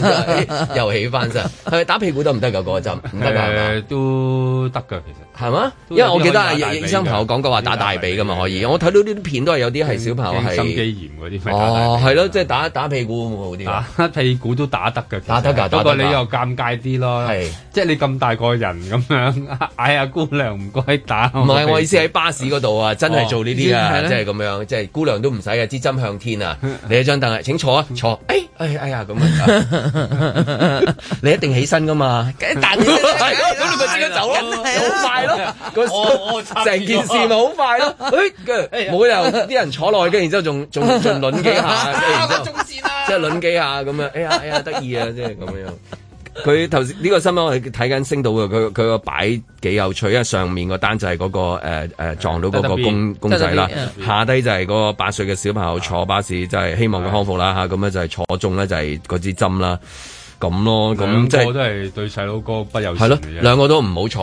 啊，又起翻身，係打屁股都唔得噶嗰陣，得噶都得噶，其實係嘛？因為我記得啊，醫生朋友講過話打大髀噶嘛可以，我睇到呢啲片都係有啲係小朋友係心肌炎嗰啲，哦，係咯，即係打打屁股會好啲。你估都打得㗎，打得噶，不過你又尷尬啲咯。係，即係你咁大個人咁樣，嗌阿姑娘唔該打。唔係我意思喺巴士嗰度啊，真係做呢啲啊，即係咁樣，即係姑娘都唔使啊，支針向天啊。你一張凳啊，請坐啊，坐。哎哎呀，咁啊，你一定起身噶嘛？一彈，咁你咪即刻走咯，好快咯。成件事咪好快咯。冇理由啲人坐落去，跟住之後仲仲仲攆幾下， 即係輪幾下咁樣，哎呀哎呀得意啊！即係咁樣。佢頭先呢個新聞我睇緊升到嘅，佢佢個擺幾有趣，因為上面個單就係嗰、那個誒誒、呃呃、撞到嗰個公公仔啦， 下低就係嗰個八歲嘅小朋友坐巴士，啊、就係希望佢康復啦吓。咁咧、啊、就係坐中咧就係嗰支針啦，咁咯。咁即係我都係對細佬哥不友善。係咯、啊，兩個都唔好彩。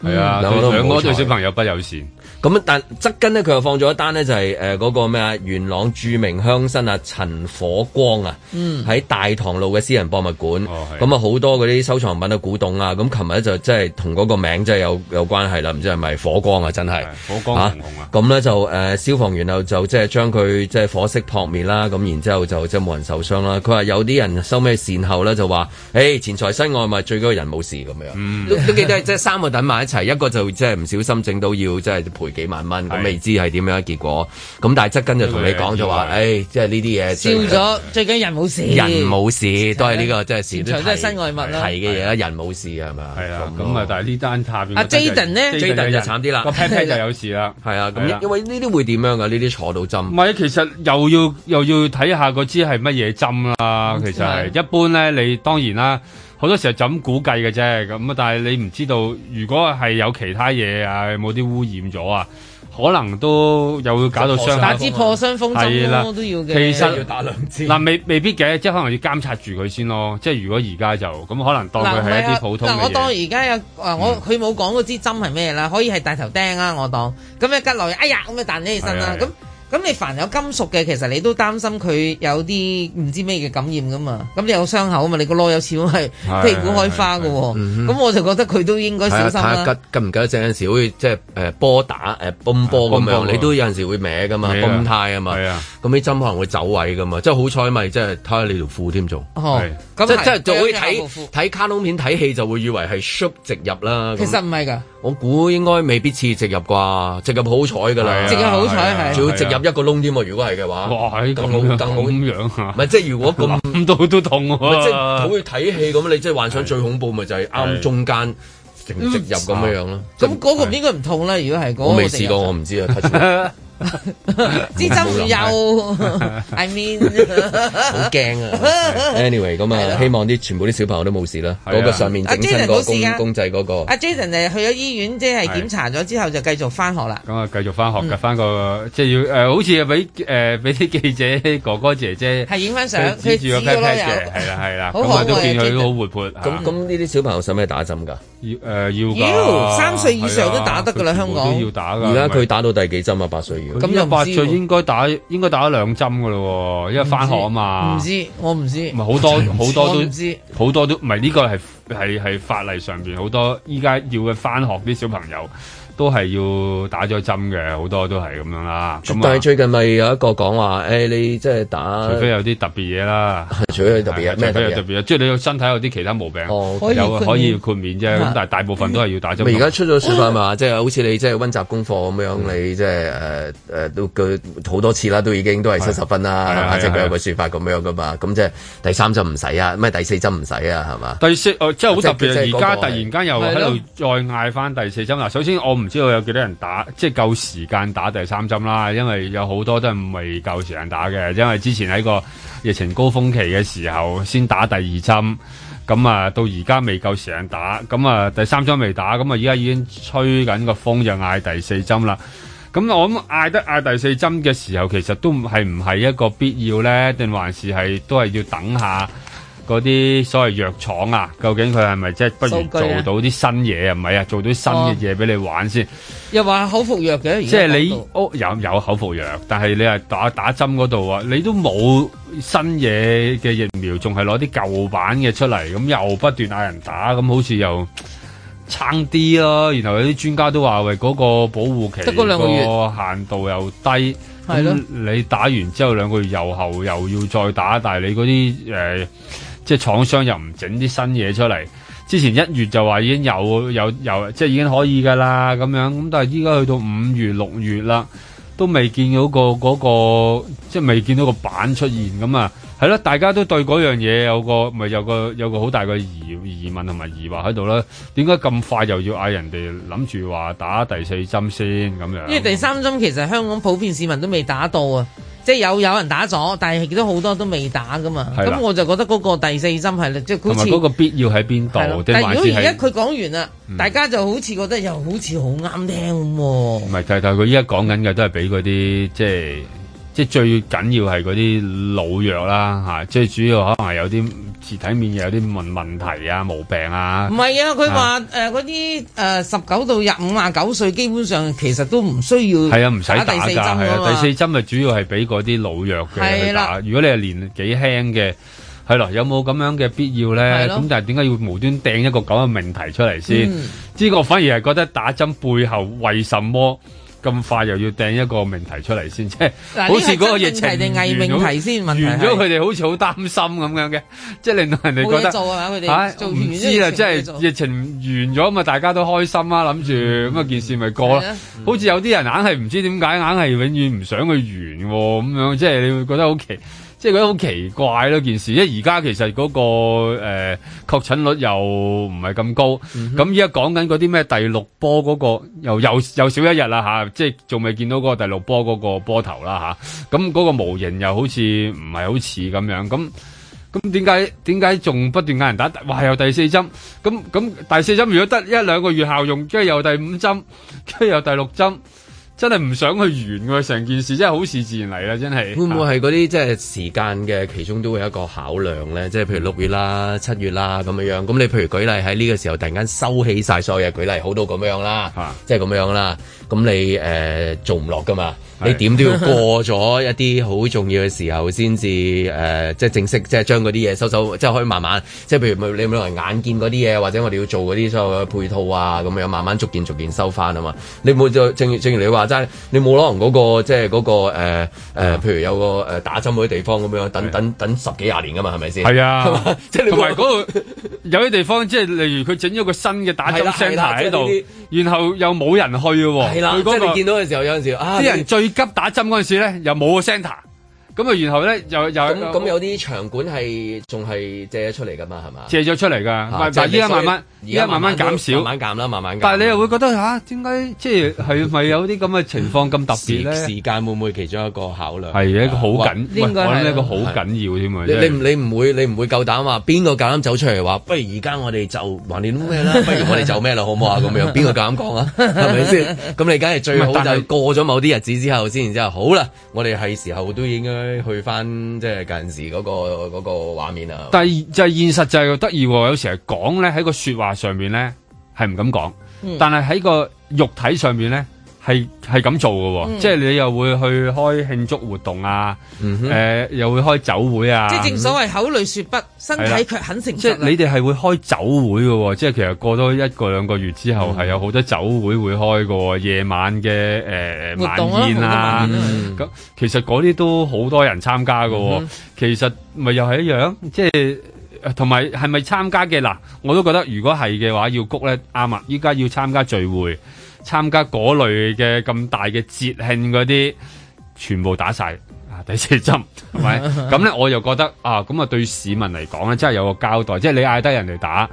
係啊、嗯，兩、嗯、個都唔好彩。對小朋友不友善。咁但側跟呢，佢又放咗一單呢，就係誒嗰個咩啊，元朗著名鄉紳啊，陳火光啊，喺、嗯、大棠路嘅私人博物館。咁啊、哦，好、嗯、多嗰啲收藏品嘅古董啊，咁琴日就即係同嗰個名真係有有關係啦，唔知係咪火光啊，真係。火光啊！咁、啊、呢就誒、呃、消防員就即係將佢即係火勢撲滅啦，咁然之後就即係冇人受傷啦。佢話有啲人收咩善後呢？就話誒錢財身外物，最緊要人冇事咁樣。嗯、 都都，都記得，即係三個等埋一齊，一個就即係唔小心整到要即係賠。幾萬蚊咁，未知係點樣嘅結果，咁但係側根就同你講就話，誒，即係呢啲嘢，燒咗最緊人冇事，人冇事都係呢個即係身外物。提嘅嘢啦，人冇事係咪？係啊，咁啊但係呢單差邊，阿 Jaden 呢，Jaden 就慘啲啦，個 pat pat 就有事啦，係啊，咁因為呢啲會點樣噶？呢啲坐到針，唔係其實又要又要睇下嗰支係乜嘢針啦，其實係一般咧，你當然啦。好多時候就咁估計嘅啫，咁啊！但係你唔知道，如果係有其他嘢啊，冇啲污染咗啊？可能都又會搞到傷。打支破傷風針、啊、的都要嘅，其實要打兩支。嗱、啊，未未必嘅，即係可能要監察住佢先咯。即係如果而家就咁，可能當佢係一啲普通嘅嘢，我當而家有啊，我佢冇講嗰支針係咩啦，可以係大頭釘啊，我當。咁啊，隔耐，哎呀，咁啊彈起身啦，咁的。咁你凡有金屬嘅，其實你都擔心佢有啲唔知咩嘅感染㗎嘛。咁你有傷口啊嘛，你個囉柚似骨係屁股開花㗎喎，哦。咁我就覺得佢都應該的小心啦，啊。佢唔吉，吉，吉正，有陣時好似即係誒、呃、波打誒蹦、呃、波咁的樣，你都有陣時會歪㗎嘛，蹦太啊嘛。是的 的咁啲針可能會走位噶嘛，即係好彩咪即係睇下你條褲添仲，即即係就會睇睇卡通片睇戲就會以為係直入啦。其實唔係噶，我估應該未必似直入啩，直入好彩噶啦，直入好彩係，仲要直入一個窿添喎。如果係嘅話，哇，咁好，咁樣即係如果咁到都痛喎，即係好去睇戲咁，你即係幻想最恐怖咪就係啱中間直入咁樣樣咯。咁嗰個應該唔痛啦，如果係嗰個。我未試過，我唔知啊。支針又，I mean，好驚啊！Anyway，咁啊，希望啲全部啲小朋友都冇事啦。嗰個上面阿 Jason 冇事啊，公仔嗰個阿 Jason 誒，去咗醫院，即係檢查咗之後就繼續翻學啦。咁啊，繼續翻學噶，翻個即係要誒，好似又俾誒俾啲記者哥哥姐姐係影翻相，攬住個 package 係啦係啦，好可愛，都見佢好活潑。咁咁呢啲小朋友使唔使打針噶？要誒要，要三歲以上都打得噶啦，香港要打噶。而家佢打到第幾針啊？八歲。今日八歲應該打應該打兩針嘅咯，因為翻學啊嘛。唔知，我唔知。唔係好多好多都，好多都唔係呢個係係係法例，上邊好多依家要嘅翻學啲小朋友。都係要打咗針嘅，好多都係咁樣啦。咁但係最近咪有一個講話，誒你即係打，除非有啲特別嘢啦，除非特別，咩特別嘅？即係你身體有啲其他毛病，有可以豁免啫。咁但係大部分都係要打針。而家出咗説法嘛，即係好似你即係温習功課咁樣，你即係誒誒都好多次啦，都已經都係七十分啦。即係佢有個説法咁樣噶嘛，咁即係第三針唔使啊，咩第四針唔使啊，係嘛？第四即真係好特別。而家突然間又喺度再嗌翻第四針嗱，首先我唔。知道有幾多人打，即係夠時間打第三針啦。因為有好多都係未夠時間打嘅，因為之前喺個疫情高峰期嘅時候先打第二針，咁啊到而家未夠時間打，咁啊第三針未打，咁啊而家已經吹緊個風，就嗌第四針啦。咁我咁嗌得嗌第四針嘅時候，其實都係唔係一個必要呢？定還是係都係要等下？嗰啲所謂藥廠啊，究竟佢係咪即係不如做到啲新嘢啊？唔係啊，做到啲新嘅嘢俾你玩先。又話口服藥嘅，即係你屋、哦、有有口服藥，但係你係打打針嗰度啊，你都冇新嘢嘅疫苗，仲係攞啲舊版嘅出嚟，咁又不斷嗌人打，咁好似又撐啲咯、啊。然後有啲專家都話：喂，嗰、嗰個保護期得嗰兩個月，限度又低。係咯，你打完之後兩個月又後又要再打，但係你嗰啲誒。呃即係廠商又唔整啲新嘢出嚟，之前一月就話已經有有有，即係已經可以㗎啦咁樣，咁但係依家去到五月六月啦，都未見到個嗰個，即係未見到個板出現咁啊，係咯，大家都對嗰樣嘢有個咪有個有個好大個疑疑問同埋疑惑喺度啦，點解咁快又要嗌人哋諗住話打第四針先咁樣？因為第三針其實香港普遍市民都未打到啊！即係有有人打咗，但係都好多都未打噶嘛。咁的我就覺得嗰個第四針係啦，即、就、係、是、好似嗰個必要喺邊度？的是但係如果而家佢講完啦，嗯、大家就好似覺得又好似好啱聽咁喎、啊。唔係，太太，佢依家講緊嘅都係俾嗰啲即係。就是即係最緊要係嗰啲老弱啦，嚇！即係主要可能係有啲自體免疫，有啲問問題啊、毛病啊。唔係啊，佢話誒嗰啲誒十九到五十九歲，基本上其實都唔需要。係啊，唔使打㗎，係啊，第四針咪主要係俾嗰啲老弱嘅去打。是的 如果你係年幾輕嘅，係咯，有冇咁樣嘅必要咧？咁是的 但係點解要無端掟一個咁嘅命題出嚟先？呢個、嗯嗯、我反而係覺得打針背後為什麼？咁快又要掟一個命題出嚟先，即係好似嗰個疫情定偽命題先，完咗佢哋好似好擔心咁樣嘅，即係令到人哋覺得冇得做啊嘛，佢哋唔知啊，即係疫情完咗嘛，嗯、大家都開心啊，諗住咁啊件事咪過囉。嗯、好似有啲人硬係唔知點解，硬係永遠唔想佢完喎，咁樣即係你會覺得好奇。即係覺得好奇怪咯件事，因為而家其實嗰、那個誒、呃、確診率又唔係咁高，咁依家講緊嗰啲咩第六波嗰、嗰個又又又少一日啦嚇，即係仲未見到嗰個第六波嗰個波頭啦嚇，咁嗰個模型又好似唔係好似咁樣，咁咁點解點解仲不斷嗌人打？哇！又第四針，咁咁第四針如果得一兩個月效用，跟住又第五針，跟住又第六針。真係唔想去完㗎，成件事真係好事自然嚟啦，真係會唔會係嗰啲即係時間嘅其中都會有一個考量咧？即係譬如六月啦、七月啦咁嘅樣。咁你譬如舉例喺呢個時候突然間收起晒所有，舉例好到咁樣啦，啊、即係咁樣啦。咁你誒、呃、做唔落㗎嘛？你點都要過咗一啲好重要嘅時候先至誒，即係正式即係將嗰啲嘢收收，即係可以慢慢，即係譬如冇你冇人眼見嗰啲嘢，或者我哋要做嗰啲所有嘅配套啊咁樣，慢慢逐件逐件收翻啊嘛。嗯、你冇再正正如你話。真係你冇可能嗰個即係，那，嗰個誒、呃、譬如有個誒打針嗰啲地方咁樣，等是的 等等十幾廿年㗎嘛，係咪先？係是啊 你，那個，即係同埋嗰個有啲地方，即係例如佢整咗個新嘅打針 center 喺度，就是，然後又冇人去嘅喎。啦的，即係，那個，你見到嘅時候有陣時啊，啲人最急打針嗰陣時咧又冇個 center。咁啊，然後咧又又咁有啲場館係仲係借咗出嚟噶嘛，係嘛？借咗出嚟噶，咪但係依家慢慢，而家慢慢減少，慢慢減啦，慢慢減。但係你又會覺得吓，點解即係係咪有啲咁嘅情況咁特別咧？時間會唔會其中一個考量？係一個好緊，我諗一個好緊要添。你唔會你唔會夠膽話邊個夠膽走出嚟話，不如而家我哋就還掂咩啦？不如我哋就咩啦，好唔好啊？咁樣邊個夠膽講啊？係咪先？咁你梗係最好就過咗某啲日子之後，先然之後好啦，我哋係時候都已經。去翻即係嗰陣時嗰個嗰、嗰個畫面啊！但係就係現實就係得意，有時係講咧喺個說話上面咧係唔敢講，嗯、但係喺個肉體上面咧。係係咁做嘅、哦，嗯、即係你又會去開慶祝活動啊，誒、嗯哼呃、又會開酒會啊。即係、嗯、哼正所謂口裏說不，身體卻很誠實、啊。嗯、哼即係你哋係會開酒會嘅、哦，即係其實過多一個兩個月之後，係有好多酒會會開嘅、哦，夜晚嘅誒晚宴啊。咁其實嗰啲都好多人參加嘅、哦，嗯、哼其實咪又係一樣，即係同埋係咪參加嘅？嗱，我都覺得如果係嘅話，要谷咧啱啊！依家要參加,加聚會。參加嗰類嘅咁大嘅節慶嗰啲，全部打晒啊第四針，係咪？咁咧 我又覺得啊，咁啊對市民嚟講咧，真係有個交代，即係你嗌低人哋打。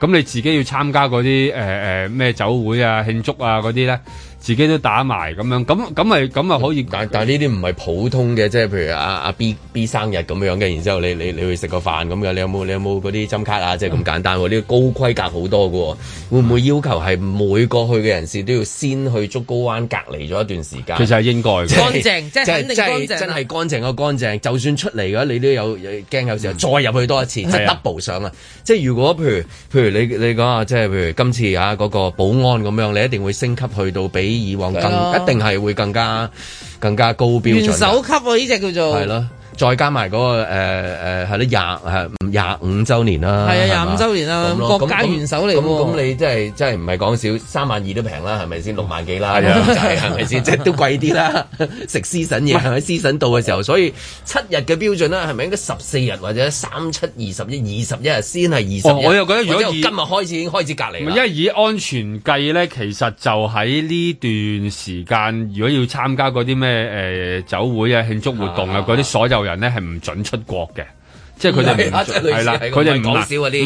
咁你自己要參加嗰啲誒誒咩酒會啊、慶祝啊嗰啲咧，自己都打埋咁樣，咁咁咪咁咪可以？但但呢啲唔係普通嘅，即係譬如阿阿 B B 生日咁樣嘅，然之後你你你去食個飯咁嘅，你有冇你有冇嗰啲針卡啊？即係咁簡單喎，呢個高規格好多嘅喎，會唔會要求係每個去嘅人士都要先去竹篙灣隔離咗一段時間？其實係應該嘅，乾淨即係即係即係肯定真係乾淨過乾淨，就算出嚟嘅話，你都有驚，有時候再入去多一次，即係 double 上啊！即係如果譬如譬如。你你講下，即係譬如今次啊、嗰個保安咁樣，你一定會升級去到比以往更，啊、一定係會更加更加高標準。元首級喎、啊，呢、這、只、個、叫做。係咯、啊。再加埋嗰個誒誒係咯廿係廿五周年啦，係啊廿五周年啦，國家元首嚟，咁你真係真係唔係講少三萬二都平啦，係咪先六萬幾啦？係咪先即係都貴啲啦？食私診嘢，係咪？私診到嘅時候，所以七日嘅標準啦，係咪應該十四日或者三七二十一二十一日先係二十？我又覺得如果今日開始已經開始隔離，因為以安全計咧，其實就喺呢段時間，如果要參加嗰啲咩誒酒會啊、慶祝活動啊嗰啲所有人。人咧，係唔准出國嘅。即係佢就唔係啦，佢就唔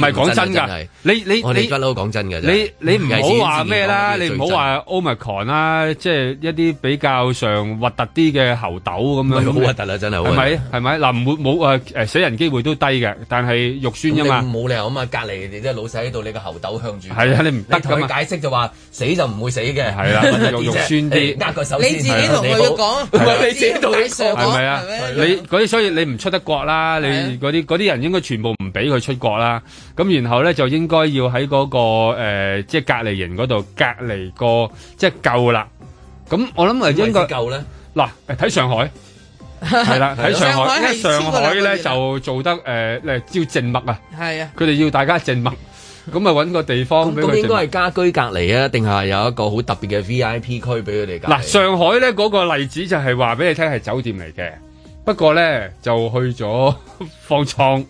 係講真㗎。你你你我哋不嬲講真㗎啫。你你唔好話咩啦，你唔好話 Omicron 啦，即係一啲比較上核突啲嘅猴痘咁樣。咁核突啦，真係係咪？係咪嗱？冇冇誒誒死人機會都低嘅，但係肉酸㗎嘛。冇理由啊嘛，隔籬你即係老細喺度，你個猴痘向住。係啊，你唔得㗎嘛。你同佢解釋就話死就唔會死嘅。係啦，骨質肉肉酸啲，扼個手先。你自己同佢講，你自己同佢講係咪啊？你嗰啲所以你唔出得國啦，你嗰啲。嗰啲人應該全部唔俾佢出國啦，咁然後咧就應該要喺嗰個誒，即係隔離營嗰度隔離個，即係夠啦。咁我諗係應該夠咧。嗱，誒睇上海係啦，睇上海，因為上海咧就做得誒，誒要靜默啊，係啊，佢哋要大家靜默，咁啊揾個地方俾佢。咁應該係家居隔離啊，定係有一個好特別嘅 V I P 區俾佢哋隔。嗱，上海咧嗰個例子就係話俾你聽係酒店嚟嘅。不過呢，就去咗放倉，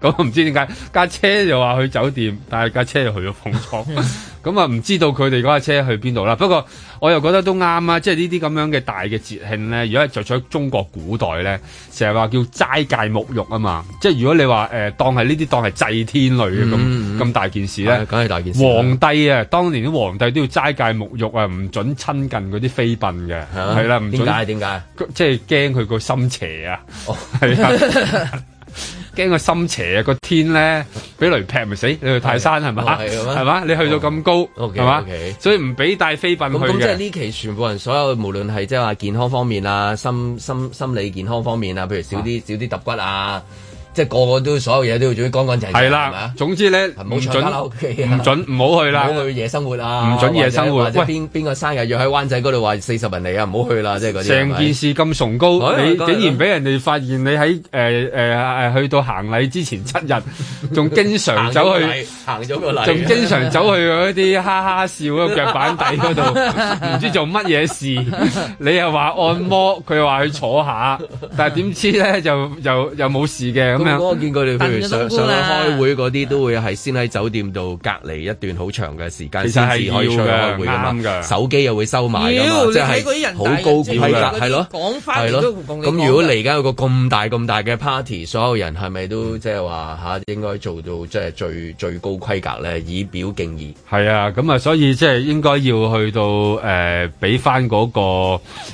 咁唔知點解架車又話去酒店，但係架車又去咗放倉。 咁啊，唔知道佢哋嗰架車去邊度啦。不過我又覺得都啱啊，即係呢啲咁樣嘅大嘅節慶咧。如果就喺中國古代咧，成日話叫齋戒沐浴啊嘛。即係如果你話誒、呃、當係呢啲當係祭天類嘅咁咁大件事咧，梗係大件事。皇帝啊，當年啲皇帝都要齋戒沐浴啊，唔准親近嗰啲妃嬪嘅，係啦、嗯。唔准。點解？點解？即係驚佢個心邪啊！係啊。驚個心邪啊，個天咧俾雷劈咪死！你去泰山係嘛，係嘛，係啊？你去到咁高，係嘛？oh, okay, okay. 所以唔俾帶飛奔去嘅。咁即係呢期全部人所有，無論係即係話健康方面啊，心心心理健康方面啊，譬如少啲、啊、少啲揼骨啊。即係個個都所有嘢都要做啲乾乾淨淨，係啦，總之咧唔準唔準唔好去啦，唔好去夜生活啊，唔準夜生活，或者邊個生日約喺灣仔嗰度話四十人嚟啊，唔好去啦，即係嗰啲。成件事咁崇高，你竟然俾人哋發現你喺誒誒誒去到行禮之前七日，仲經常走去行咗個禮，仲經常走去嗰啲哈哈笑嗰腳板底嗰度，唔知做乜嘢事。你又話按摩，佢又話去坐下，但係點知咧就就又冇事嘅。我見過佢哋，譬如上上嚟開會啲，都會係先喺酒店度隔離一段好長嘅時間，先至可以出開會噶嘛。手機又會收埋噶嘛，哇即係啲人好高調噶，係咯。講翻都唔講咁的。樣講如果而家有個咁大咁大嘅 party，所有人係咪都即係話吓應該做到即係最最高規格咧，以表敬意。係啊， 咁啊，所以即係應該要去到誒俾翻個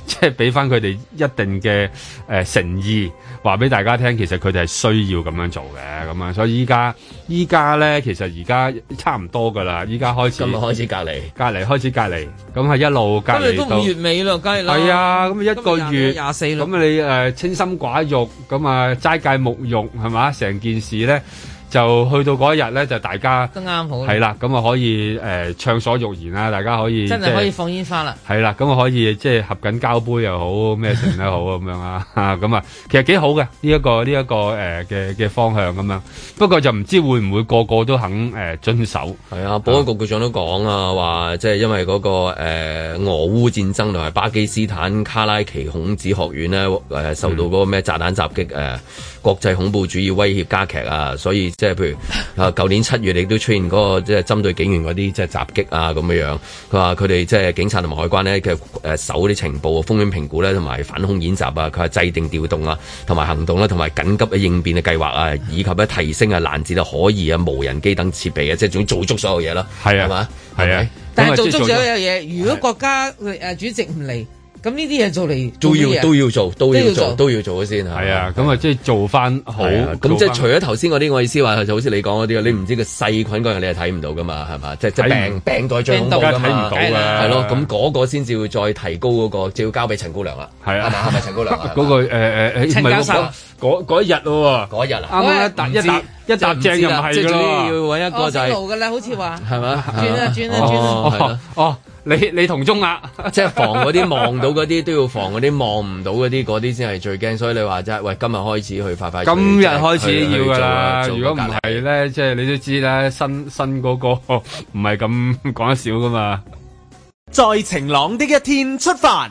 即係俾翻佢哋一定嘅誒誠意，話俾大家聽，其實佢哋係。需。需要咁樣做嘅，咁啊，所以依家依家咧，其實而家差唔多噶啦，依家開始。今日開始隔離，隔離開始隔離，咁係一路隔離到。五月尾咯，梗係啦。係啊，咁一個月廿四，咁你誒、呃、清心寡欲，咁啊齋戒沐浴係嘛，成件事咧。就去到嗰一日咧，就大家都啱好，係啦，咁啊可以誒、呃、暢所欲言啦，大家可以真係可以放煙花啦，係啦，咁啊可以即係合緊交杯又好咩剩都好咁 樣啊，咁啊其實幾好嘅呢一個呢一個誒嘅嘅方向咁樣，不過就唔知會唔會個個都肯誒、呃、遵守。係啊，保安局局長都講啊，話即係因為嗰、嗰個、呃、俄烏戰爭同埋巴基斯坦卡拉奇孔子學院咧誒、呃、受到嗰個咩炸彈襲擊誒。呃嗯國際恐怖主義威脅加劇啊，所以即係譬如啊，舊年七月你都出現嗰、那個即係針對警員嗰啲即係襲擊啊咁樣樣。佢話佢哋即係警察同埋海關呢，嘅誒，搜啲情報、風險評估咧，同埋反恐演習啊，佢係制定、調動啊，同埋行動咧，同埋緊急嘅應變嘅計劃啊，以及咧提升啊攔截啊可疑啊無人機等設備啊，即係總要做足所有嘢咯。係啊，係啊，但係做足咗所有嘢，如果國家誒主席唔嚟。咁呢啲嘢做嚟都要都要做都要做都要做咗先啊！係啊，咁啊即係做翻好。咁即係除咗頭先嗰啲，我意思話，就好似你講嗰啲，你唔知個細菌嗰樣，你係睇唔到噶嘛，係嘛？即係即係病病在張口睇唔到啦。係咯，咁嗰個先至會再提高嗰個，就要交俾陳姑娘啦。係啊，係咪陳姑娘？嗰個誒誒誒，唔係嗰嗰嗰一日嗰日啊，一沓一沓一沓正又唔係噶啦，要搵一個就係噶啦，好似話係咪？轉啊轉啊轉！哦哦。你你同中啊， 即係防嗰啲望到嗰啲都要防嗰啲望唔到嗰啲，嗰啲先係最驚。所以你話齋，喂，今日開始去快快，今日開始要噶啦。如果唔係咧，即係你都知啦，新新嗰個唔係咁講得少㗎嘛。在晴朗的一天出發。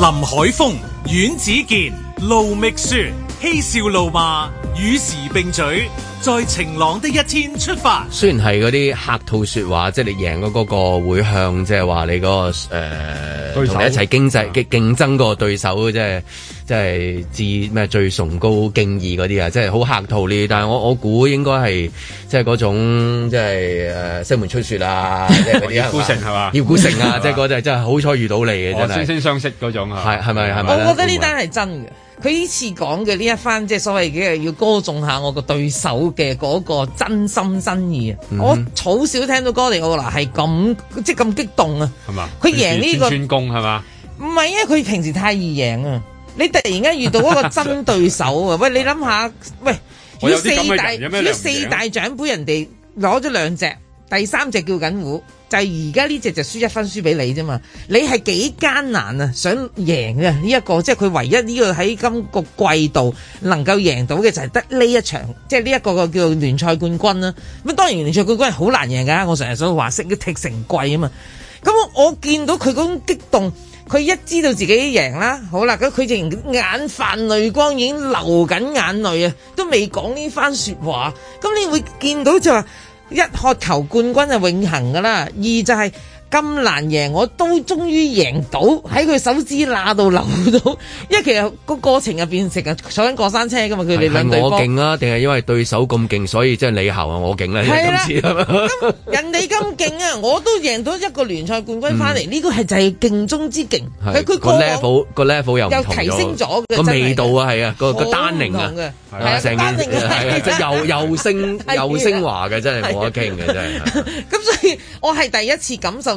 林海峰、阮子健、盧覓雪，嬉笑怒罵，與時並舉，在晴朗的一天出發。雖然係嗰啲客套說話，即係你贏咗嗰個會向，即係話你嗰、嗰個誒，同、呃、手你一齊經濟嘅競爭個對手，即係。即係至咩最崇高敬意嗰啲啊！即係好客套呢，但係我我估應該係即係嗰種即係，誒西門吹雪啊！葉孤城係嘛？葉孤城啊！即係嗰陣真係好彩遇到你嘅，真係。惺惺相識嗰種啊，係咪係咪？我覺得呢單係真嘅。佢呢次講嘅呢一番即係所謂嘅要歌頌下我個對手嘅嗰個真心真意啊！我好少聽到哥迪奧拿係咁即係咁激動啊！係嘛？佢贏呢個專攻係嘛？唔係啊！因為佢平時太易贏啊！你突然間遇到一個針對手啊！ 喂，你諗下，喂，呢四大呢四大獎盃人哋攞咗兩隻，第三隻叫緊壺，就係而家呢隻就輸一分輸俾你啫嘛！你係幾艱難啊？想贏啊！呢、這、一個即係佢唯一呢個喺今個季度能夠贏到嘅就係得呢一場，即係呢一個個叫聯賽冠軍啦。咁啊，當然聯賽冠軍係好難贏噶。我常常成日所以話，食要踢成貴啊嘛。咁我見到佢嗰種激動。佢一知道自己贏啦，好啦，咁佢就眼泛淚光，已經流緊眼淚啊，都未講呢番説話。咁你會見到就話一渴求冠軍就永恆噶啦，二就係、是。咁難贏，我都終於贏到喺佢手指罅度流到，因為其實個過程入邊成日坐緊過山車㗎嘛，佢哋兩對方。係我勁啊，定係因為對手咁勁，所以即係你後啊，我勁咧係咁。咁人哋咁勁啊，我都贏到一個聯賽冠軍翻嚟，呢個係就係勁中之勁。係佢個 level，個 level 又提升咗個味道啊，係啊，個個單寧啊，係啊，單寧啊，就又又升又昇華嘅，真係冇得傾嘅真係。咁所以我係第一次感受。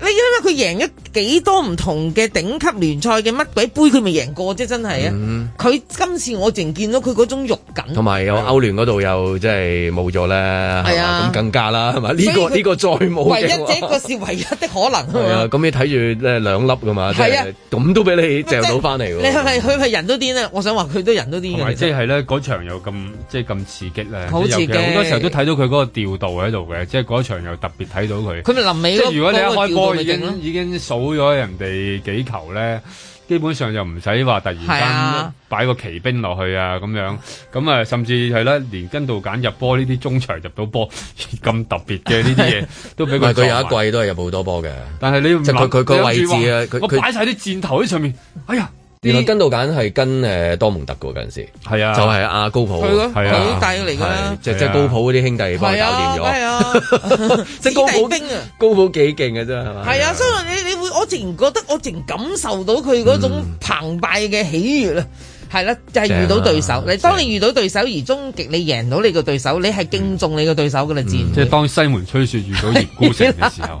你諗下佢贏咗幾多唔同嘅頂級聯賽嘅乜鬼杯，佢未贏過啫，真係啊！佢今次我淨見到佢嗰種肉緊，同埋有歐聯嗰度又即係冇咗咧，係嘛？咁更加啦，係咪？呢個呢個再冇唯一這個是唯一的可能。係啊，咁你睇住咧兩粒噶嘛？係啊，咁都俾你掟到翻嚟嘅。你係佢係人都癲咧？我想話佢都人都癲即係咧嗰場又咁即係咁刺激咧，好多時候都睇到佢嗰個調度喺度嘅，即係嗰場又特別睇到佢。佢咪臨尾嗰個。已經已經數咗人哋幾球咧，基本上就唔使話突然間擺是、啊、個奇兵落去啊咁樣，咁啊甚至係咧、啊、連跟度揀入波呢啲中場入到波咁特別嘅呢啲嘢，都俾佢。佢 有一季都係入好多波嘅，但係你即係佢個位置啊，佢佢擺晒啲箭頭喺上面，哎呀！原來跟到揀係跟誒多蒙特嗰陣時，係啊，就係阿高普係咯，兄弟嚟嘅，即係即係高普嗰啲兄弟幫搞掂咗，係啊，即係高普兵啊，高普幾勁嘅真係嘛，係啊，所以你你會我自然覺得我自然感受到佢嗰種澎湃嘅喜悅。係啦，就係、是、遇到對手。啊、你當你遇到對手而終極你贏到你個對手，你係敬重你個對手噶啦，你知唔知？嗯、即係當西門吹雪遇到葉孤城嘅時候，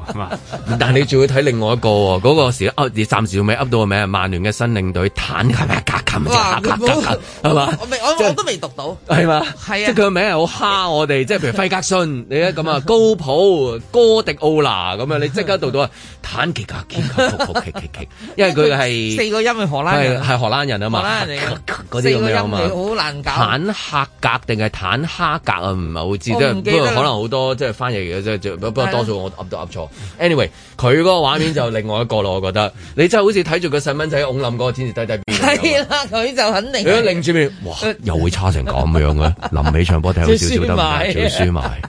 但係你仲要睇另外一個喎。嗰、那個時，暫時未噏到個名，曼聯嘅新領隊坦咩格琴，黑黑格琴係嘛？我我我都未讀到，係嘛？係啊，即係佢個名係好蝦我哋，即係譬如費格遜，你咧咁啊高普、哥迪奧拿咁樣，你即刻讀到啊坦奇格琴，黑黑格琴，係嘛？我未，我我都未讀到，係嘛？即係佢嘅名係好蝦我哋，即係譬如費格遜，你咧咁啊高普、哥迪奧拿咁樣，你即刻讀到啊坦奇格琴，黑黑格琴，係嘛？即係佢嘅名係好�啲叫咩啊？好難搞，坦克格定係坦哈格啊？唔係好知，都係不過可能好多即係翻譯嘅啫。不過多數我噏都噏錯。Anyway，佢嗰個畫面就另外一個咯，我覺得你真係好似睇住個細蚊仔，㧬冧嗰個天字低低變。係啦，佢就肯定。佢擰住面，哇！又會差成咁樣嘅，臨尾場波睇到少少得唔得？要輸埋，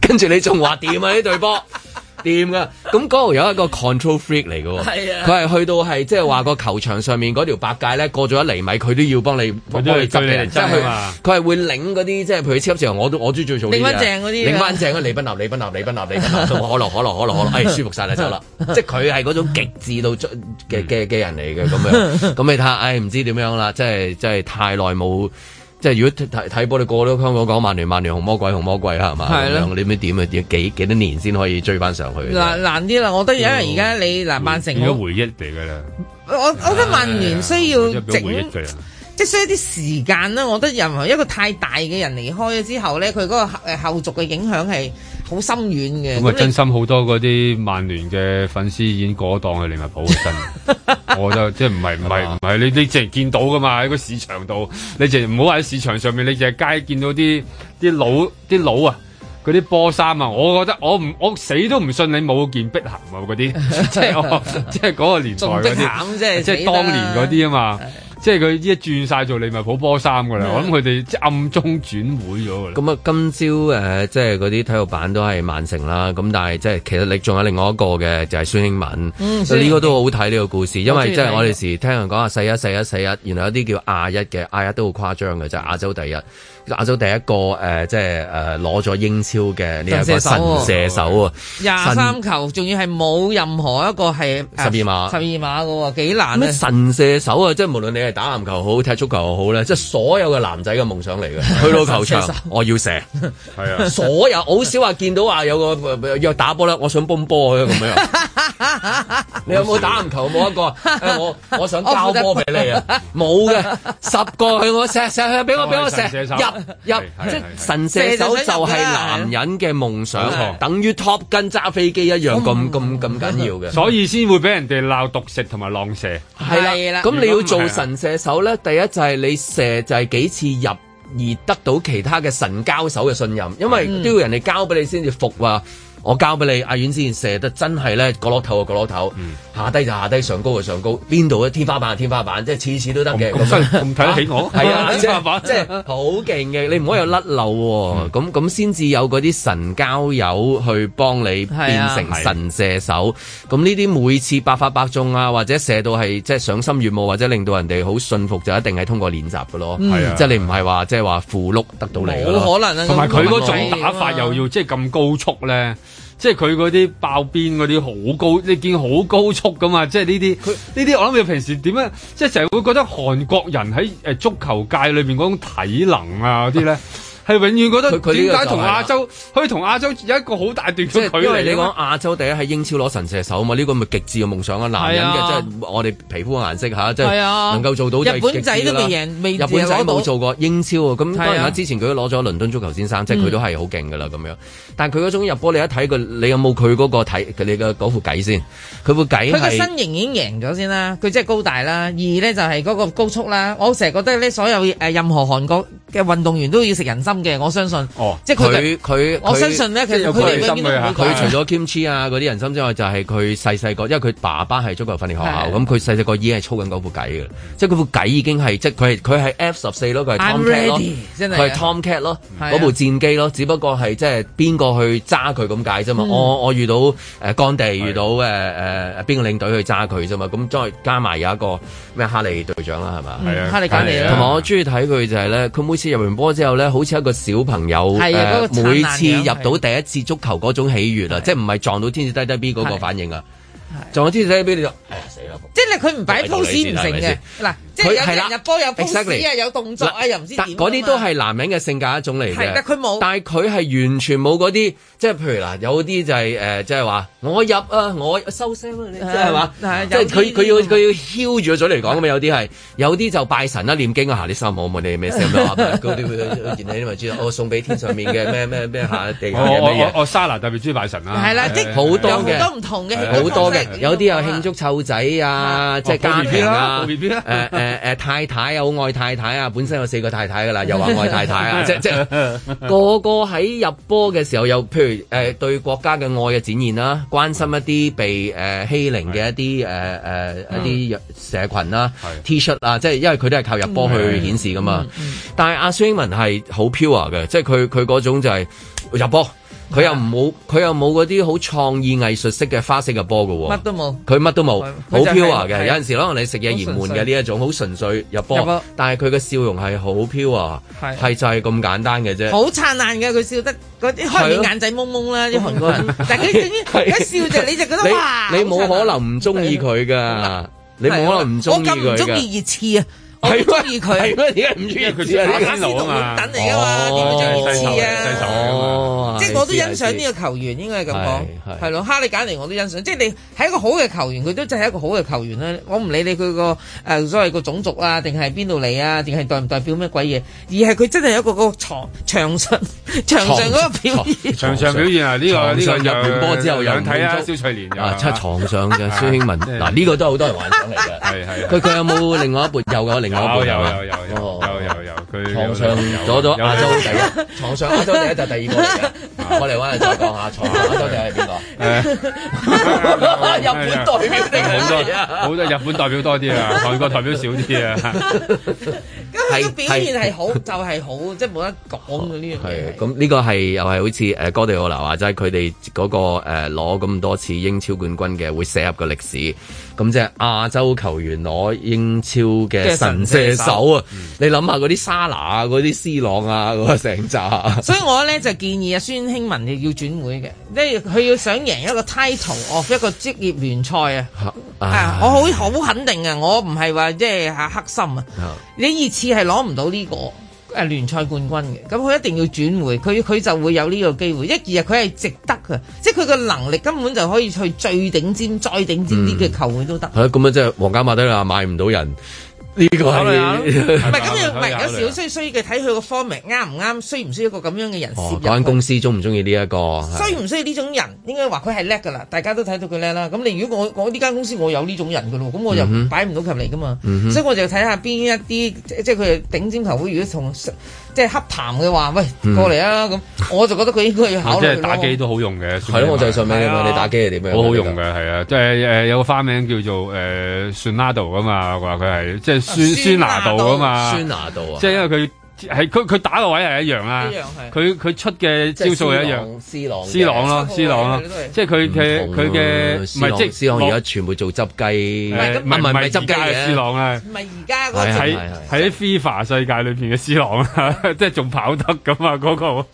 跟住你仲話點啊？呢隊波。掂噶，咁嗰度有一個 control freak 嚟嘅喎，佢係去到係即係話個球場上面嗰條白界咧過咗一厘米，佢都要幫你，佢都要執你嚟執佢啊！佢係會領嗰啲即係譬如簽字啊，我都我鍾意做。拎翻正嗰啲。拎翻正啊！禮賓鴨、禮賓鴨、禮賓鴨、禮賓鴨，可樂、可樂、可樂、可樂，哎舒服晒啦，走啦！即係佢係嗰種極致到嘅嘅嘅人嚟嘅，咁樣咁你睇下，哎唔知點樣啦，即係即係太耐冇。即係如果睇睇波，你個個都香港講曼聯，曼聯紅魔鬼，紅魔鬼啦，係嘛？係對了 你唔知點啊？點幾幾多年先可以追翻上去？難難啲啦，我覺得因為而家你嗱，曼城嘅回憶嚟㗎啦。我我覺得曼聯需要整，回憶即係需要啲時間啦。我覺得任何一個太大嘅人離開咗之後咧，佢嗰個後後續嘅影響係。好心軟嘅，咁啊！真心好你多嗰啲曼聯嘅粉絲已經過咗檔去利物浦嘅身， 我就即係唔係唔係唔係你你淨係見到噶嘛喺個市場度，你淨係唔好話喺市場上面，你淨係街見到啲啲老啲老啊，嗰啲波衫啊，我覺得我唔我死都唔信你冇件碧咸啊嗰啲， 即係 即係嗰個年代嗰啲， 即係、即係當年嗰啲啊嘛。 即係佢一轉晒做利物浦波衫噶啦，的我諗佢哋即係暗中轉會咗嘅。咁啊，今朝誒，即係嗰啲體育版都係曼城啦。咁但係即係其實你仲有另外一個嘅，就係、是、孫興慜。呢、嗯、個都好睇呢個故事，因為即係我哋時聽人講啊，世一、世一、世一，原來有啲叫亞一嘅亞一都好誇張嘅，就是、亞洲第一。亞洲第一個誒、呃，即係誒，攞、呃、咗英超嘅呢一個神射手啊！廿三、哦那個、球，仲要係冇任何一個係十二碼，十二碼嘅喎，幾、啊、難咧、啊！神射手啊，即係無論你係打籃球好，踢足球又好咧，即係所有嘅男仔嘅夢想嚟嘅。去到球場， 手我要射，係啊！所有好少話見到話有個約打波啦，我想幫波佢咁樣。 你有冇打籃球冇一個？ 哎、我我想交波俾你啊！冇嘅， 十個佢我射，射佢俾我，俾 我射入。 射射入，即神射手就係男人嘅夢想，等於 top gun 揸飛機一樣咁咁咁緊要嘅，所以先會俾人哋鬧毒蛇同埋浪射。係啦，咁你要做神射手咧，的第一就係你射就係幾次入的而得到其他嘅神交手嘅信任，的因為都要人哋交俾你先至服啊。我交俾你阿遠之前射得真係咧，角落頭嘅角落頭，下低就下低，上高就上高，邊度嘅天花板嘅天花板，即係次次都得嘅。咁睇得起我，係啊，即係好勁嘅。你唔可以有甩漏，咁咁先至有嗰啲神交友去幫你變成神射手。咁呢啲每次百發百中啊，或者射到係即係賞心悅目，或者令到人哋好信服，就一定係通過練習嘅咯。即係你唔係話即係話附碌得到嚟。冇可能啊！同埋佢嗰種打法又要即係咁高速咧。即係佢嗰啲爆邊嗰啲好高，你見好高速噶嘛？即係呢啲，佢呢啲我諗你平時點樣，即係成日會覺得韓國人喺誒足球界裏邊嗰種體能啊嗰啲咧？ 係永遠覺得佢點解同亞洲可以同亞洲有一個好大段嘅距離？你講亞洲第一喺英超攞神射手啊嘛？呢、這個咪極致嘅夢想啊！男人嘅即係我哋皮膚嘅顏色吓，即係、啊、能夠做到。日本仔都未贏，未日本仔冇做過英超，咁睇下之前佢都攞咗倫敦足球先生，啊、即係佢都係好勁噶啦咁樣。但佢嗰種入波，你一睇佢，你有冇佢嗰個睇你嘅嗰副計先？佢副計，佢個身形已經贏咗先啦。佢即係高大啦，二呢，就係嗰個高速啦。我成日覺得咧，所有、呃、任何韓國嘅運動員都要食人參。嘅我相信，即係佢佢我相信咧，佢佢佢除咗 Kimchi 啊嗰啲人心之外，就係佢細細個，因為佢爸爸係足球訓練學校，咁佢細細個已經係操緊嗰部機噶啦，即係嗰部機已經係，即係佢係佢係 F 十四咯，佢係 Tomcat 咯，佢係 Tomcat 咯，嗰部戰機咯，只不過係即係邊個去揸佢咁解啫嘛，我我遇到誒，干地遇到誒誒邊個領隊去揸佢啫嘛，咁再加埋有一個咩哈利隊長啦，係嘛，哈利簡尼啦，同埋我中意睇佢就係咧，佢每次入完波之後咧，好似一個。個小朋友，呃、每次入到第一次足球嗰種喜悅啊，是的 即係唔係撞到天使得得 B 嗰個反應啊，是的 撞到天使得得 B 的你就死啦，哎、呀即係你佢唔擺 pose 唔成嘅嗱。佢係啦，有入波有 pose 啊，有動作啊，又唔知嗰啲都係男人嘅性格一種嚟嘅。但佢冇。但係佢係完全冇嗰啲，即係譬如嗱，有啲就係誒，即係話我入啊，我收聲即係嘛。即係佢佢要佢要囂住個嘴嚟講㗎嘛。有啲係，有啲就拜神啊、念經啊、下啲心冇冇啲咩聲啦。嗰啲佢佢燃起啲迷尊，我送俾天上面嘅咩咩咩下地。哦哦哦，莎娜特別中意拜神啦。係啦，好多嘅好多唔同嘅好多嘅，有啲又慶祝湊仔啊，即係家庭啊。誒誒、呃，太太啊，好愛太太啊，本身有四個太太噶啦，又話愛太太啊， 即即個個喺入波嘅時候，又譬如誒、呃、對國家嘅愛嘅展現啦，關心一啲被誒、呃、欺凌嘅一啲誒誒一啲社群啦的，T 恤啊，即係因為佢都係靠入波去顯示噶嘛。的的但係阿孫英文係好 pure 嘅，即係佢佢嗰種就係、是、入波。佢又唔冇，佢又冇嗰啲好創意藝術式嘅花式嘅波嘅喎，乜都冇，佢乜都冇，好 pure 嘅。有陣時可能你食嘢嫌悶嘅呢一種，好純粹入波。但係佢嘅笑容係好 pure，係就係咁簡單嘅啫。好燦爛嘅，佢笑得嗰啲開面眼仔蒙蒙啦，啲韓國人，但佢正呢，佢一笑就你就覺得哇！你冇可能唔中意佢噶，你冇可能唔中意佢。我咁唔中意熱刺啊！我唔中意佢，點解唔中意佢？啲打天佬啊嘛，點會中意佢啊？即係我都欣賞呢個球員，應該係咁講，係咯。哈利·簡尼我都欣賞，即係你係一個好嘅球員，佢都真係一個好嘅球員啦。我唔理你佢個誒所謂個種族啊，定係邊度嚟啊，定係代唔代表咩鬼嘢，而係佢真係一個個場場上場上嗰個表現，場上表現啊！呢個呢個入完波之後又睇啊，蕭翠蓮啊，出場上嘅蕭興文嗱，呢個都係好多人玩。嚟嘅。係係佢佢有冇另外一撥有有有有有有有，佢床上攞咗亞洲第一，床上亞洲第一就第二個嚟嘅，過嚟玩就講下床亞洲第一係邊個？日本代表嚟嘅，好多好多日本代表多啲啊，韓國代表少啲啊。咁佢嘅表現係好，就係好，即係冇得講呢樣嘢。係咁呢個係又係好似誒哥迪奧拿話齋，佢哋嗰個誒攞咁多次英超冠軍嘅，會寫入個歷史。咁即係亞洲球員攞英超嘅神射手、嗯、想想啊！你諗下嗰啲沙拿啊、嗰啲 C 朗啊，嗰成扎。所以我咧就建議阿孫興文要轉會嘅，即係佢要想贏一個 title 哦，一個職業聯賽啊。啊，我好好肯定啊，我唔係話即係啊黑心啊。你二次係攞唔到呢、呢個。誒聯賽冠軍嘅，咁佢一定要轉會，佢佢就會有呢個機會。一二日佢係值得嘅，即係佢個能力根本就可以去最頂尖、再頂尖啲嘅球會都得。係啊、嗯，咁、嗯、啊即係皇家馬德啦，買唔到人。呢個係咪？唔係咁樣，唔係有、嗯、有時需需要嘅睇佢個 forming 啱唔啱，需唔需要一個咁樣嘅人？嗰間、哦、去公司中唔中意呢一個？需唔需要呢種人？應該話佢係叻㗎啦，大家都睇到佢叻啦。咁你如果我我呢間公司我有呢種人㗎咯，咁我就擺唔到入嚟㗎嘛。嗯嗯、所以我就睇下邊一啲即即係佢係頂尖球會，如果同。 即係黑談佢話：喂「喂過嚟啊咁，嗯、我就覺得佢應該要考慮、啊、即係打機都好用嘅，係咯，我就係想問你打機係點樣,樣？好好用嘅係啊，即係誒有個花名叫做誒酸拉道㗎嘛，話佢係即係酸酸拿度㗎嘛，酸拿度啊，即係因為佢。係佢佢打個位係一樣啊，佢佢出嘅招數係一樣，C 朗 C 朗咯 C 朗咯，即係佢嘅佢嘅唔係即係 C 朗而家全部做執雞，唔係唔係唔係執雞啊 C 朗啊，唔係而家喺喺啲 FIFA 世界裏邊嘅 C 朗啊，即係仲跑得咁啊嗰個，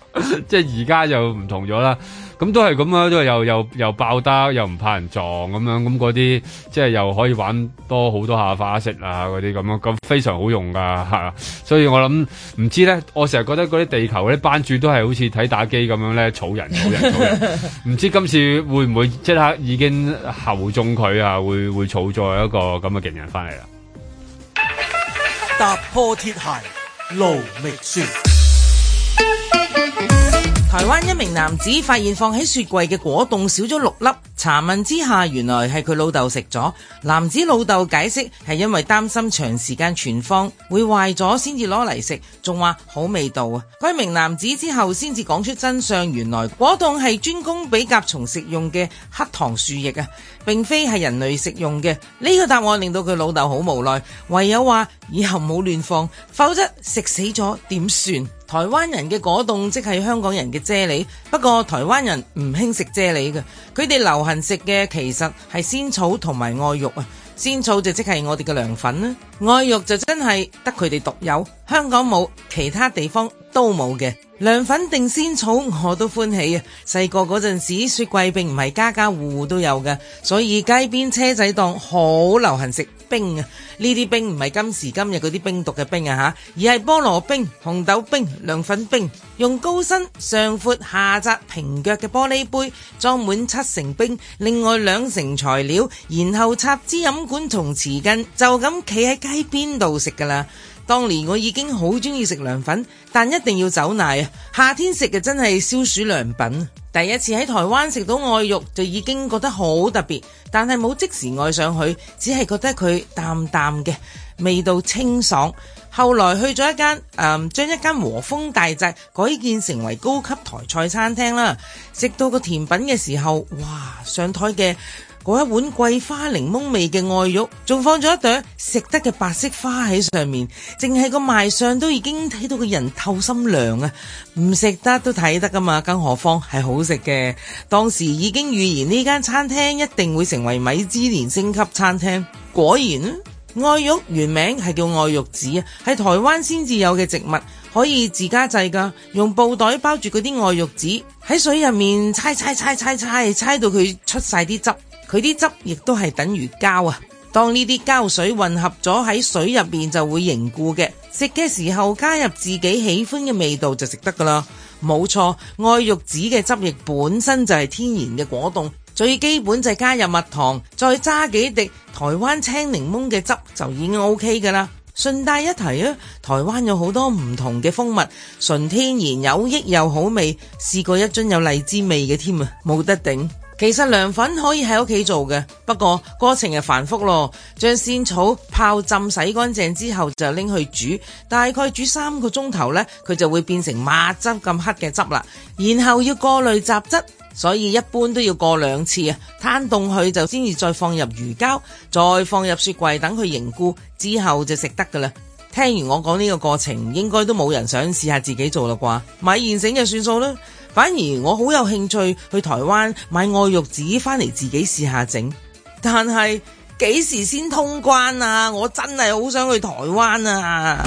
即係而家就唔同咗啦。咁都係咁啊，都係又又又爆得，又唔怕人撞咁樣，咁嗰啲即係又可以玩多好多下花式啊，嗰啲咁樣，咁非常好用噶吓。所以我諗唔知咧，我成日覺得嗰啲地球嗰啲班主都係好似睇打機咁樣咧，草人草人草人，唔 知今次會唔會即刻已經候中佢啊？會會草咗一個咁嘅勁人翻嚟啦。踏破鐵鞋無覓處。台灣一名男子發現放喺雪櫃嘅果凍少咗六粒，查問之下，原來係佢老豆食咗。男子老豆解釋係因為擔心長時間存放會壞咗，先至攞嚟食，仲話好味道啊！該名男子之後先至講出真相，原來果凍係專供俾甲蟲食用嘅黑糖樹液啊！並非係人類食用嘅呢個答案令到佢老豆好無奈，唯有話以後冇亂放，否則食死咗點算？台灣人嘅果凍即係香港人嘅啫喱，不過台灣人唔興食啫喱嘅，佢哋流行食嘅其實係仙草同埋愛玉啊。仙草就即係我哋嘅涼粉啦，愛玉就真係得佢哋獨有，香港冇，其他地方都冇嘅涼粉定仙草，我都歡喜啊！細個嗰陣時雪櫃並唔係家家戶戶都有㗎，所以街邊車仔檔好流行食冰啊！呢啲冰唔係今時今日嗰啲冰毒嘅冰啊吓，而係菠蘿冰、紅豆冰、涼粉冰。用高身、上闊、下窄、平腳嘅玻璃杯裝滿七成冰，另外兩成材料，然後插支飲管同匙羹，就咁企喺街邊度食噶啦。當年我已經好鍾意食涼粉，但一定要走奶啊！夏天食嘅真係消暑良品。第一次喺台灣食到愛玉就已經覺得好特別，但係冇即時愛上佢，只係覺得佢淡淡嘅味道清爽。後來去咗一間誒、嗯，將一間和風大宅改建成為高級台菜餐廳啦。食到個甜品嘅時候，哇！上台嘅～嗰一碗桂花檸檬味嘅愛玉，仲放咗一朵食得嘅白色花喺上面，淨係個賣相都已經睇到個人透心涼啊！唔食得都睇得㗎嘛，更何況係好食嘅。當時已經預言呢間餐廳一定會成為米芝蓮星級餐廳，果然啊！愛玉原名係叫愛玉子啊，係台灣先至有嘅植物，可以自家製㗎。用布袋包住嗰啲愛玉子喺水入面拆拆拆拆拆拆，猜猜猜猜猜猜到佢出晒啲汁。佢啲汁亦都係等於膠啊！當呢啲膠水混合咗喺水入面，就會凝固嘅。食嘅時候加入自己喜歡嘅味道就食得㗎喇。冇錯，愛玉子嘅汁液本身就係天然嘅果凍，最基本就係加入蜜糖，再揸幾滴台灣青檸檬嘅汁就已經 OK 㗎喇。順帶一提啊，台灣有好多唔同嘅蜂蜜，純天然有益又好味，試過一樽有荔枝味嘅添啊，冇得頂！其實涼粉可以喺屋企做嘅，不過過程又繁複咯。將仙草泡浸、洗乾淨之後就拎去煮，大概煮三個鐘頭呢，佢就會變成麻汁咁黑嘅汁啦。然後要過濾雜質，所以一般都要過兩次啊。攤凍佢就先至再放入魚膠，再放入雪櫃等佢凝固之後就食得噶啦。聽完我講呢個過程，應該都冇人想試下自己做啦啩？買現成就算數啦。反而我好有興趣去台灣買愛玉子翻嚟自己試下整，但係幾時先通關啊？我真係好想去台灣啊！